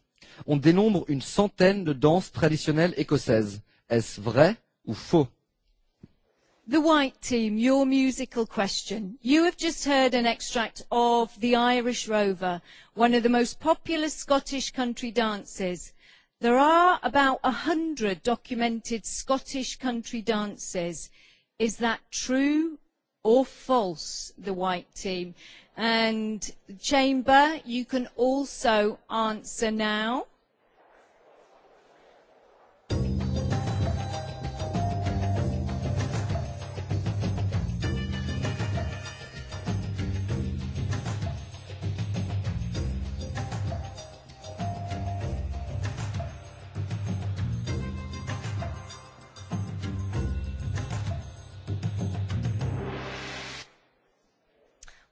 On dénombre une centaine de danses traditionnelles écossaises. Est-ce vrai ou faux? The White Team, your musical question. You have just heard an extract of The Irish Rover, one of the most popular Scottish country dances. There are about a hundred documented Scottish country dances. Is that true or false, the white team. And chamber, you can also answer now.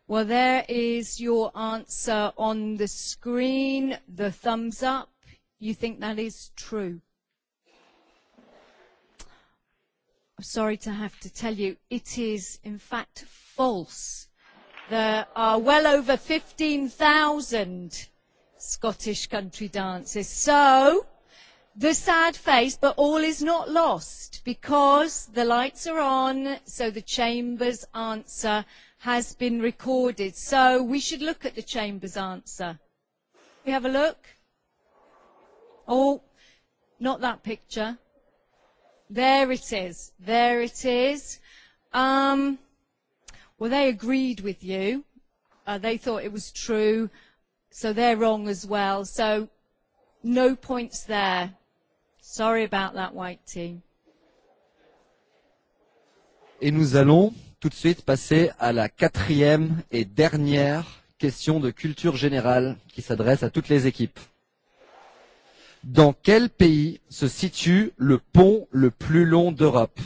Well, there is your answer on the screen, the thumbs up. You think that is true? I'm sorry to have to tell you, it is in fact false. There are well over 15,000 Scottish country dances. So, the sad face, but all is not lost because the lights are on, so the Chamber's answer has been recorded. So we should look at the Chamber's answer. We have a look. Oh, not that picture. There it is. There it is. Um, well, they agreed with you. Uh, they thought it was true. So they're wrong as well. So no points there. Sorry about that, white team. Et nous allons tout de suite passer à la quatrième et dernière question de culture générale qui s'adresse à toutes les équipes. Dans quel pays se situe le pont le plus long d'Europe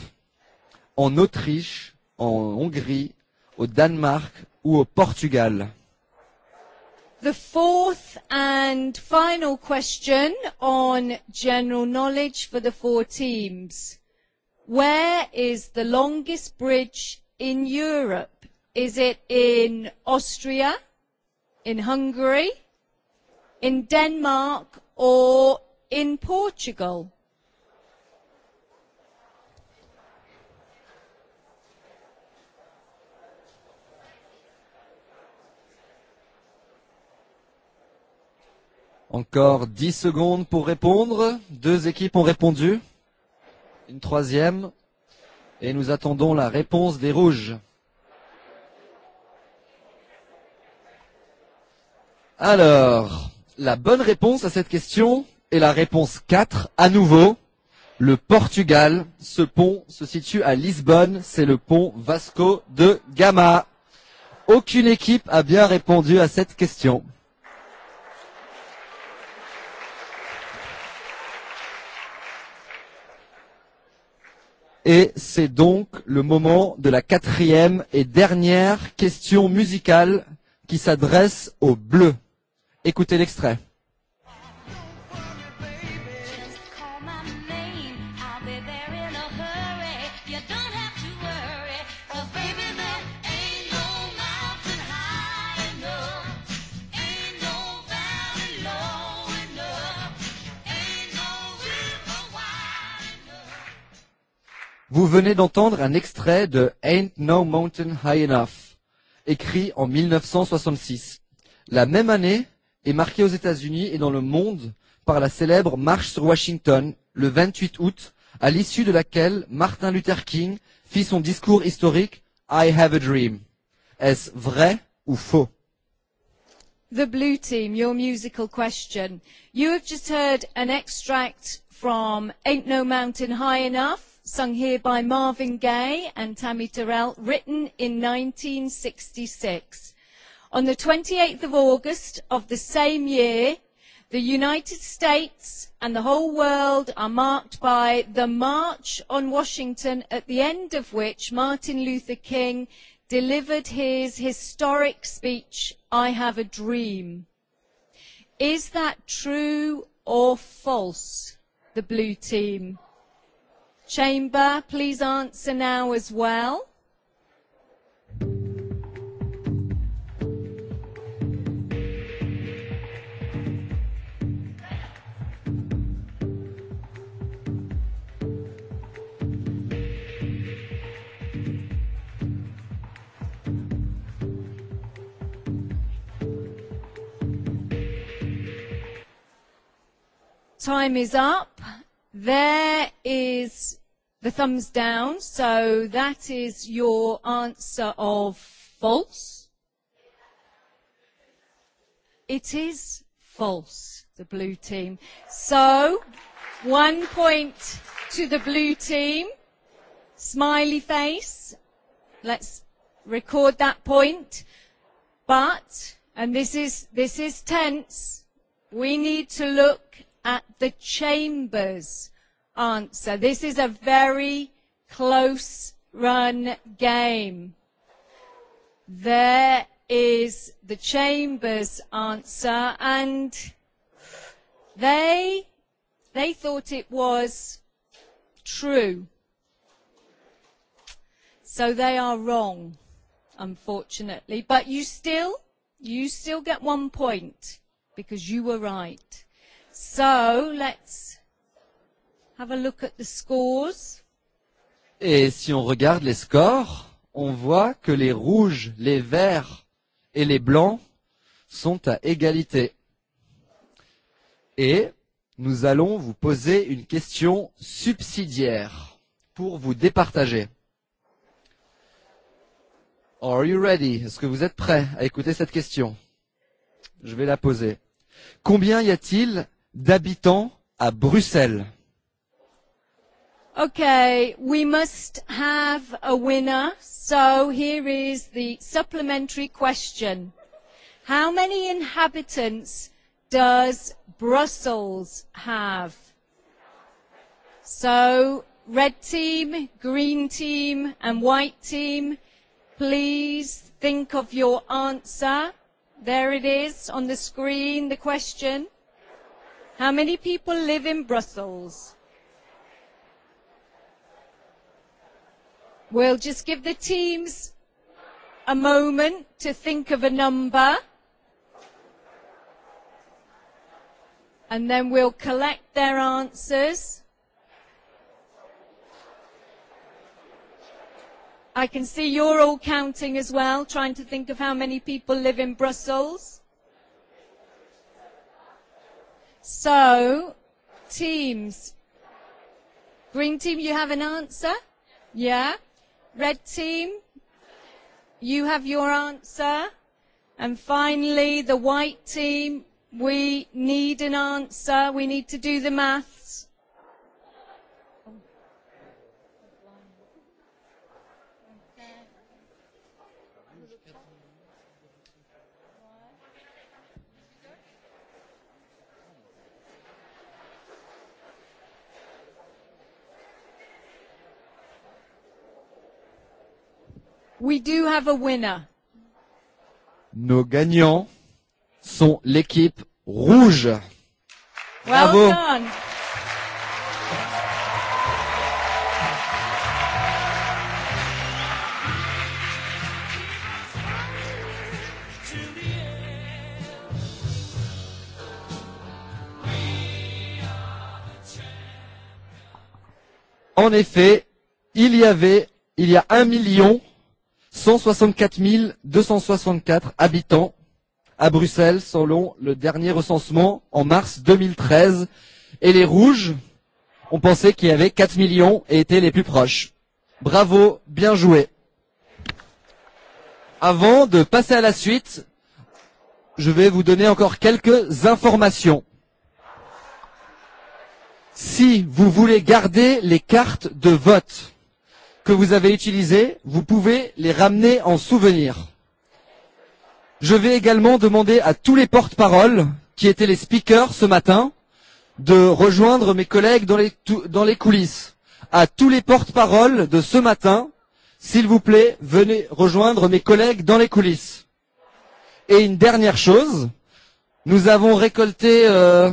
En Autriche, en Hongrie, au Danemark ou au Portugal The fourth and final question on general knowledge for the four teams. Where is the longest bridge in Europe? Is it in Austria, in Hungary, in Denmark, or in Portugal? Encore 10 secondes pour répondre. Deux équipes ont répondu. Une troisième et nous attendons la réponse des rouges. Alors, la bonne réponse à cette question est la réponse 4, à nouveau. Le Portugal, ce pont se situe à Lisbonne, c'est le pont Vasco de Gama. Aucune équipe a bien répondu à cette question. Et c'est donc le moment de la quatrième et dernière question musicale qui s'adresse aux Bleus. Écoutez l'extrait. Vous venez d'entendre un extrait de Ain't No Mountain High Enough, écrit en 1966. La même année est marquée aux États-Unis et dans le monde par la célèbre Marche sur Washington, le 28 août, à l'issue de laquelle Martin Luther King fit son discours historique I Have a Dream. Est-ce vrai ou faux? The Blue Team, your musical question. You have just heard an extract from Ain't No Mountain High Enough sung here by Marvin Gaye and Tammy Terrell, written in 1966. On the 28th of August of the same year, the United States and the whole world are marked by the March on Washington, at the end of which Martin Luther King delivered his historic speech, I Have a Dream. Is that true or false, the blue team? chamber, please answer now as well. Time is up. There is the thumbs down. So that is your answer of false. It is false, the blue team. So one point to the blue team. Smiley face. Let's record that point. But, and this is, this is tense, we need to look at the chambers answer. This is a very close run game. There is the Chamber's answer and they, they thought it was true. So they are wrong, unfortunately. But you still, you still get one point because you were right. So let's have a look at the scores. Et si on regarde les scores, on voit que les rouges, les verts et les blancs sont à égalité. Et nous allons vous poser une question subsidiaire pour vous départager. Are you ready? Est-ce que vous êtes prêt à écouter cette question? Je vais la poser. Combien y a-t-il d'habitants à Bruxelles? Okay, we must have a winner. So here is the supplementary question. How many inhabitants does Brussels have? So red team, green team and white team, please think of your answer. There it is on the screen, the question. How many people live in Brussels? We'll just give the teams a moment to think of a number. And then we'll collect their answers. I can see you're all counting as well, trying to think of how many people live in Brussels. So, teams. Green team, you have an answer? Yeah? Red team, you have your answer. And finally, the white team, we need an answer. We need to do the math. We do have a winner. Nos gagnants sont l'équipe rouge. Bravo. Well done. En effet, il y avait, il y a un million 164 264 habitants à Bruxelles selon le dernier recensement en mars 2013. Et les Rouges ont pensé qu'il y avait 4 millions et étaient les plus proches. Bravo, bien joué. Avant de passer à la suite, je vais vous donner encore quelques informations. Si vous voulez garder les cartes de vote, que vous avez utilisés, vous pouvez les ramener en souvenir. Je vais également demander à tous les porte-paroles qui étaient les speakers ce matin de rejoindre mes collègues dans les, dans les coulisses. À tous les porte-paroles de ce matin, s'il vous plaît, venez rejoindre mes collègues dans les coulisses. Et une dernière chose, nous avons récolté euh,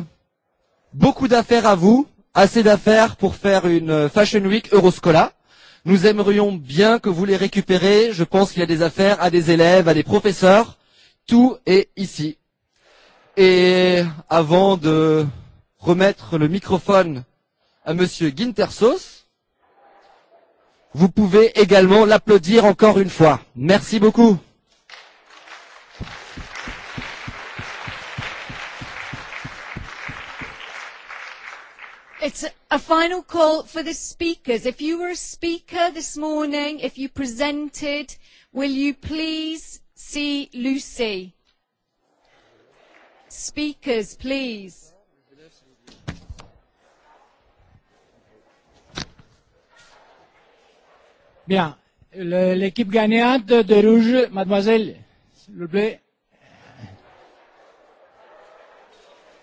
beaucoup d'affaires à vous, assez d'affaires pour faire une Fashion Week Euroscola. Nous aimerions bien que vous les récupérez. Je pense qu'il y a des affaires à des élèves, à des professeurs. Tout est ici. Et avant de remettre le microphone à Monsieur Gintersos, vous pouvez également l'applaudir encore une fois. Merci beaucoup. It's a final call for the speakers. If you were a speaker this morning, if you presented, will you please see Lucy? Speakers, please. Bien. L'équipe gagnante de rouge, mademoiselle, s'il vous plaît.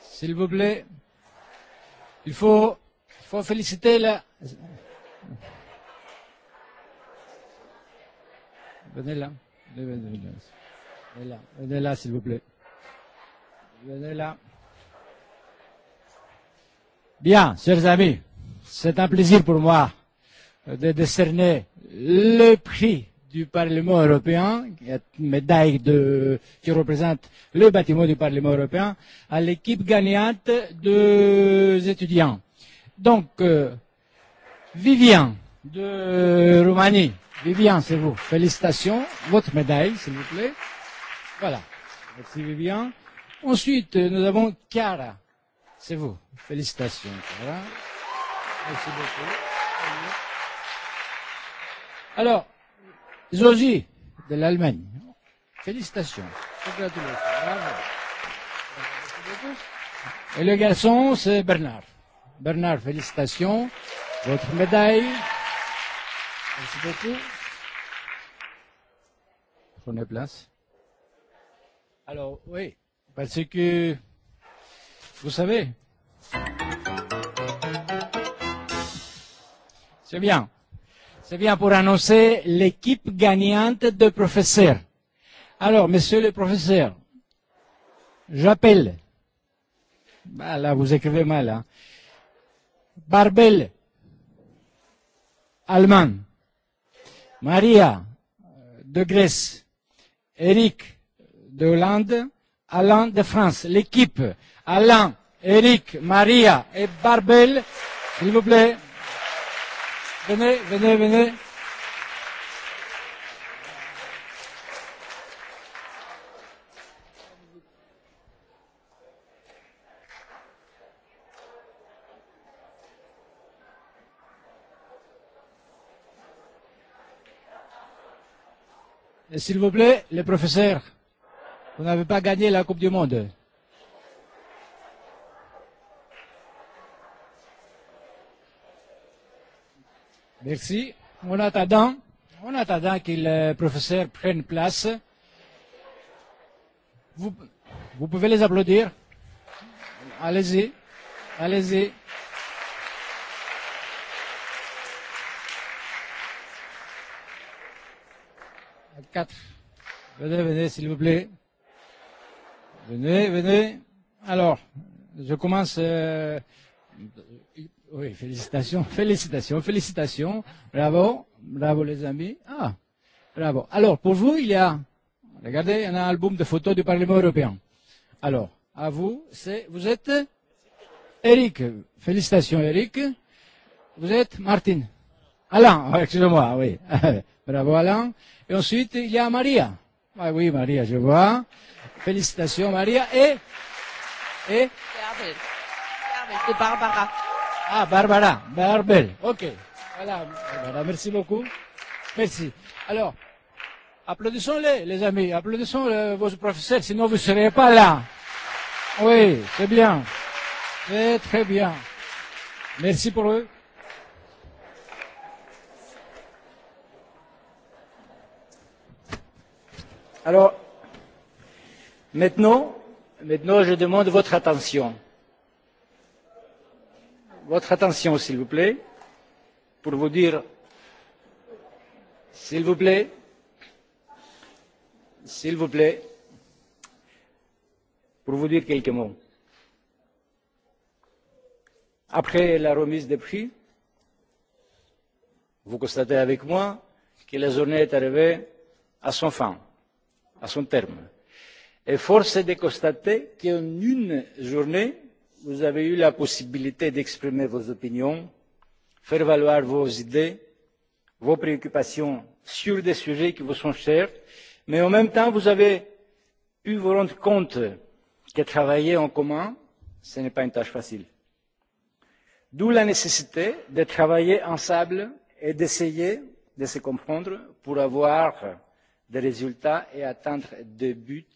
S'il vous plaît. Il faut, il faut féliciter la... Venez là. Venez là. Venez là, s'il vous plaît. Venez là. Bien, chers amis, c'est un plaisir pour moi de décerner le prix du Parlement européen, qui médaille de, qui représente le bâtiment du Parlement européen, à l'équipe gagnante des étudiants. Donc, euh, de Roumanie. Vivian, c'est vous. Félicitations. Votre médaille, s'il vous plaît. Voilà. Merci, Vivian. Ensuite, nous avons Chiara. C'est vous. Félicitations, Chiara. Merci beaucoup. Alors, Zosi de l'Allemagne. Félicitations. Congratulations. Bravo. Et le garçon, c'est Bernard. Bernard, félicitations. Votre médaille. Merci beaucoup. Prenez place. Alors, oui, parce que, vous savez, c'est bien. C'est bien pour annoncer l'équipe gagnante de professeurs. Alors, monsieur le professeur, j'appelle. Bah, là, vous écrivez mal. Hein. Barbel, allemand. Maria, de Grèce. Eric, de Hollande. Alain, de France. L'équipe, Alain, Eric, Maria et Barbel, s'il vous plaît. Venez, venez, venez. S'il vous plaît, les professeurs, vous n'avez pas gagné la Coupe du Monde. Merci. En attendant, en attendant que le professeur prenne place, vous, vous pouvez les applaudir. Allez-y. Allez-y. Quatre. Venez, venez, s'il vous plaît. Venez, venez. Alors, je commence. Euh, Oui, félicitations, félicitations, félicitations. Bravo, bravo les amis. Ah, bravo. Alors, pour vous, il y a, regardez, un album de photos du Parlement européen. Alors, à vous, c'est, vous êtes Eric. Félicitations, Eric. Vous êtes Martine. Alain, excusez-moi, oui. Bravo, Alain. Et ensuite, il y a Maria. Ah oui, Maria, je vois. Félicitations, Maria. Et, et, de Barbara. Ah, Barbara, Barbel. Ok. Voilà, Barbara, merci beaucoup. Merci. Alors, applaudissons-les, les amis. Applaudissons -les, vos professeurs, sinon vous ne serez pas là. Oui, c'est bien. Très, très bien. Merci pour eux. Alors, maintenant, maintenant, je demande votre attention votre attention s'il vous plaît pour vous dire s'il vous plaît s'il vous plaît pour vous dire quelques mots. Après la remise des prix, vous constatez avec moi que la journée est arrivée à son fin, à son terme. Et force est de constater qu'en une journée, vous avez eu la possibilité d'exprimer vos opinions, de faire valoir vos idées, vos préoccupations sur des sujets qui vous sont chers, mais en même temps, vous avez pu vous rendre compte que travailler en commun, ce n'est pas une tâche facile. D'où la nécessité de travailler ensemble et d'essayer de se comprendre pour avoir des résultats et atteindre des buts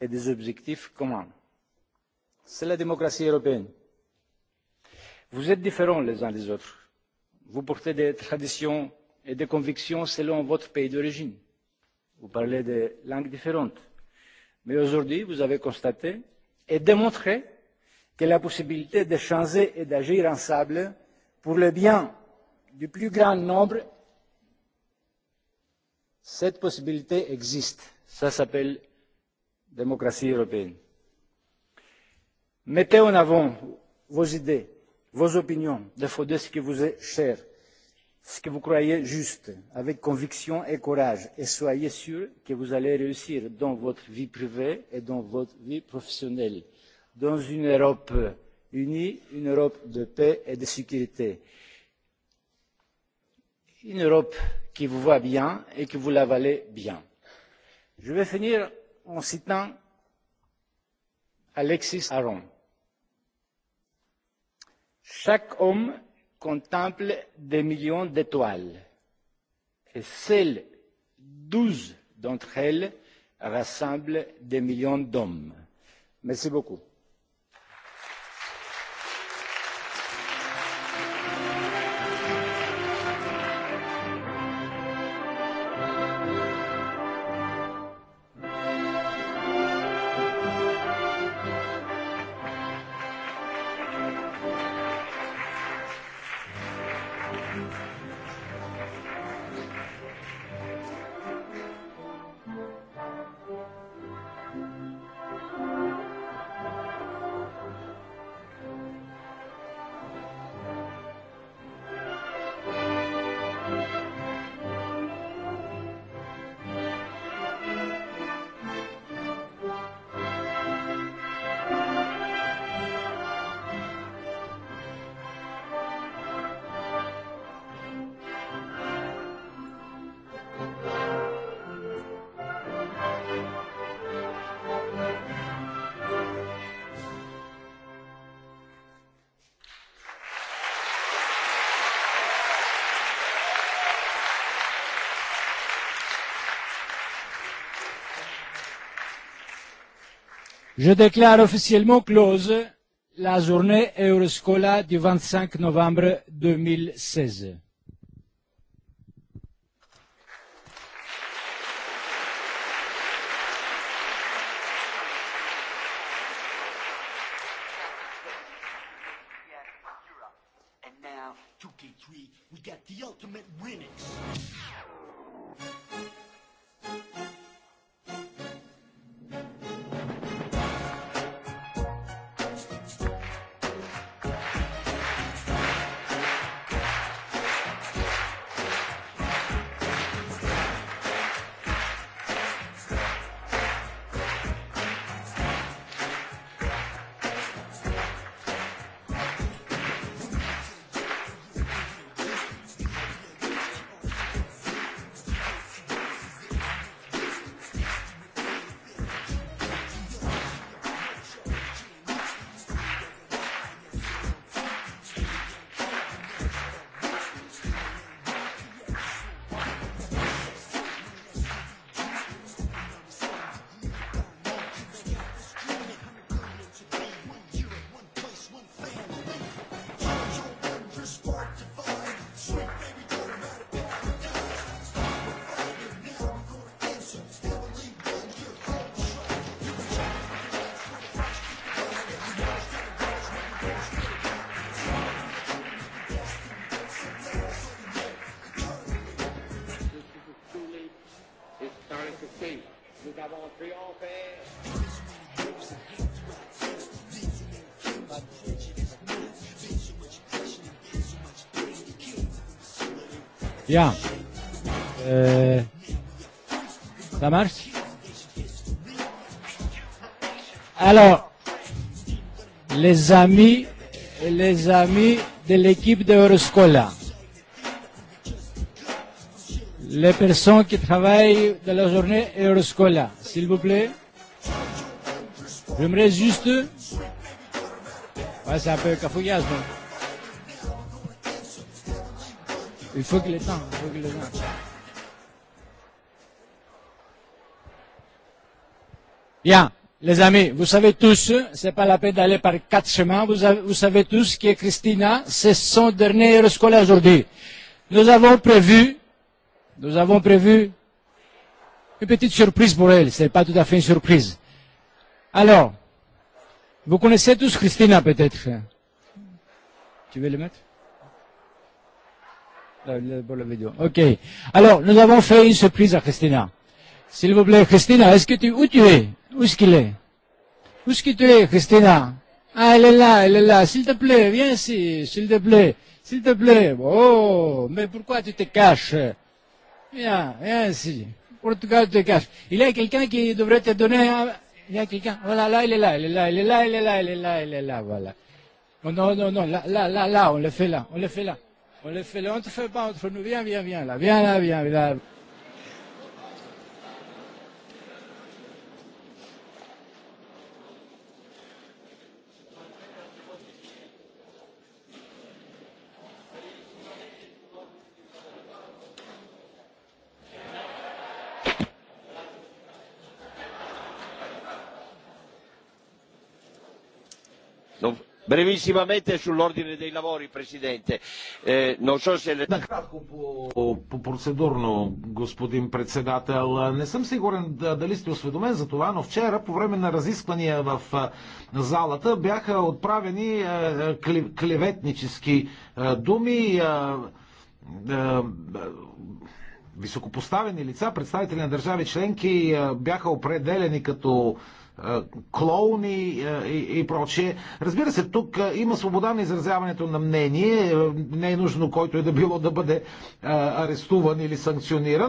et des objectifs communs C'est la démocratie européenne. Vous êtes différents les uns des autres. Vous portez des traditions et des convictions selon votre pays d'origine. Vous parlez des langues différentes. Mais aujourd'hui, vous avez constaté et démontré que la possibilité de changer et d'agir ensemble pour le bien du plus grand nombre, cette possibilité existe. Ça s'appelle démocratie européenne. Mettez en avant vos idées, vos opinions, de ce qui vous est cher, ce que vous croyez juste, avec conviction et courage, et soyez sûr que vous allez réussir dans votre vie privée et dans votre vie professionnelle, dans une Europe unie, une Europe de paix et de sécurité, une Europe qui vous voit bien et qui vous la valez bien. Je vais finir en citant Alexis Aron Chaque homme contemple des millions d'étoiles, et seules douze d'entre elles rassemblent des millions d'hommes. Merci beaucoup. Je déclare officiellement close la journée Euroscola du 25 novembre 2016. Ja. Eh, ça marche Alors, les amis, les amis de l'équipe de Euroscola, les personnes qui travaillent dans la journée Euroscola, s'il vous plaît, j'aimerais juste... Ouais, c'est un peu cafouillage, mais... Il faut qu'il éteint, il faut qu'il éteint. Bien, les amis, vous savez tous, ce n'est pas la peine d'aller par quatre chemins, vous, avez, vous savez tous que Christina, c'est son dernier heure scolaire aujourd'hui. Nous avons prévu, nous avons prévu une petite surprise pour elle, ce n'est pas tout à fait une surprise. Alors, vous connaissez tous Christina peut-être. Tu veux le mettre pour la vidéo. Ok. Alors, nous avons fait une surprise à Christina. S'il vous plaît, Christina, est-ce que tu, où tu es Où est-ce qu'il est Où est-ce que tu es, Christina Ah, elle est là, elle est là. S'il te plaît, viens ici, s'il te plaît. S'il te plaît. Oh, mais pourquoi tu te caches Viens, viens ici. Pourquoi tu te caches Il y a quelqu'un qui devrait te donner... Un... Il y a quelqu'un... Voilà, là, il est là, il est là, il est là, il est là, il est là, il est là, voilà. Non, non, non, là, là, là, là, on le fait là, on le fait là. On le fait, on te fait pas, on te fait, viens, viens, viens là, viens là, viens là. Brevissimamente sull'ordine dei lavori, Presidente. Eh, non so se... Накратко по, по процедурно, господин председател. Не съм сигурен дали сте осведомен за това, но вчера по време на разисквания в залата бяха отправени е, е, клеветнически е, думи високопоставени лица, представители на държави членки, бяха определени като клоуни и, прочее. Разбира се, тук има свобода на изразяването на мнение. Е, не е нужно който е да било да бъде арестуван или санкциониран.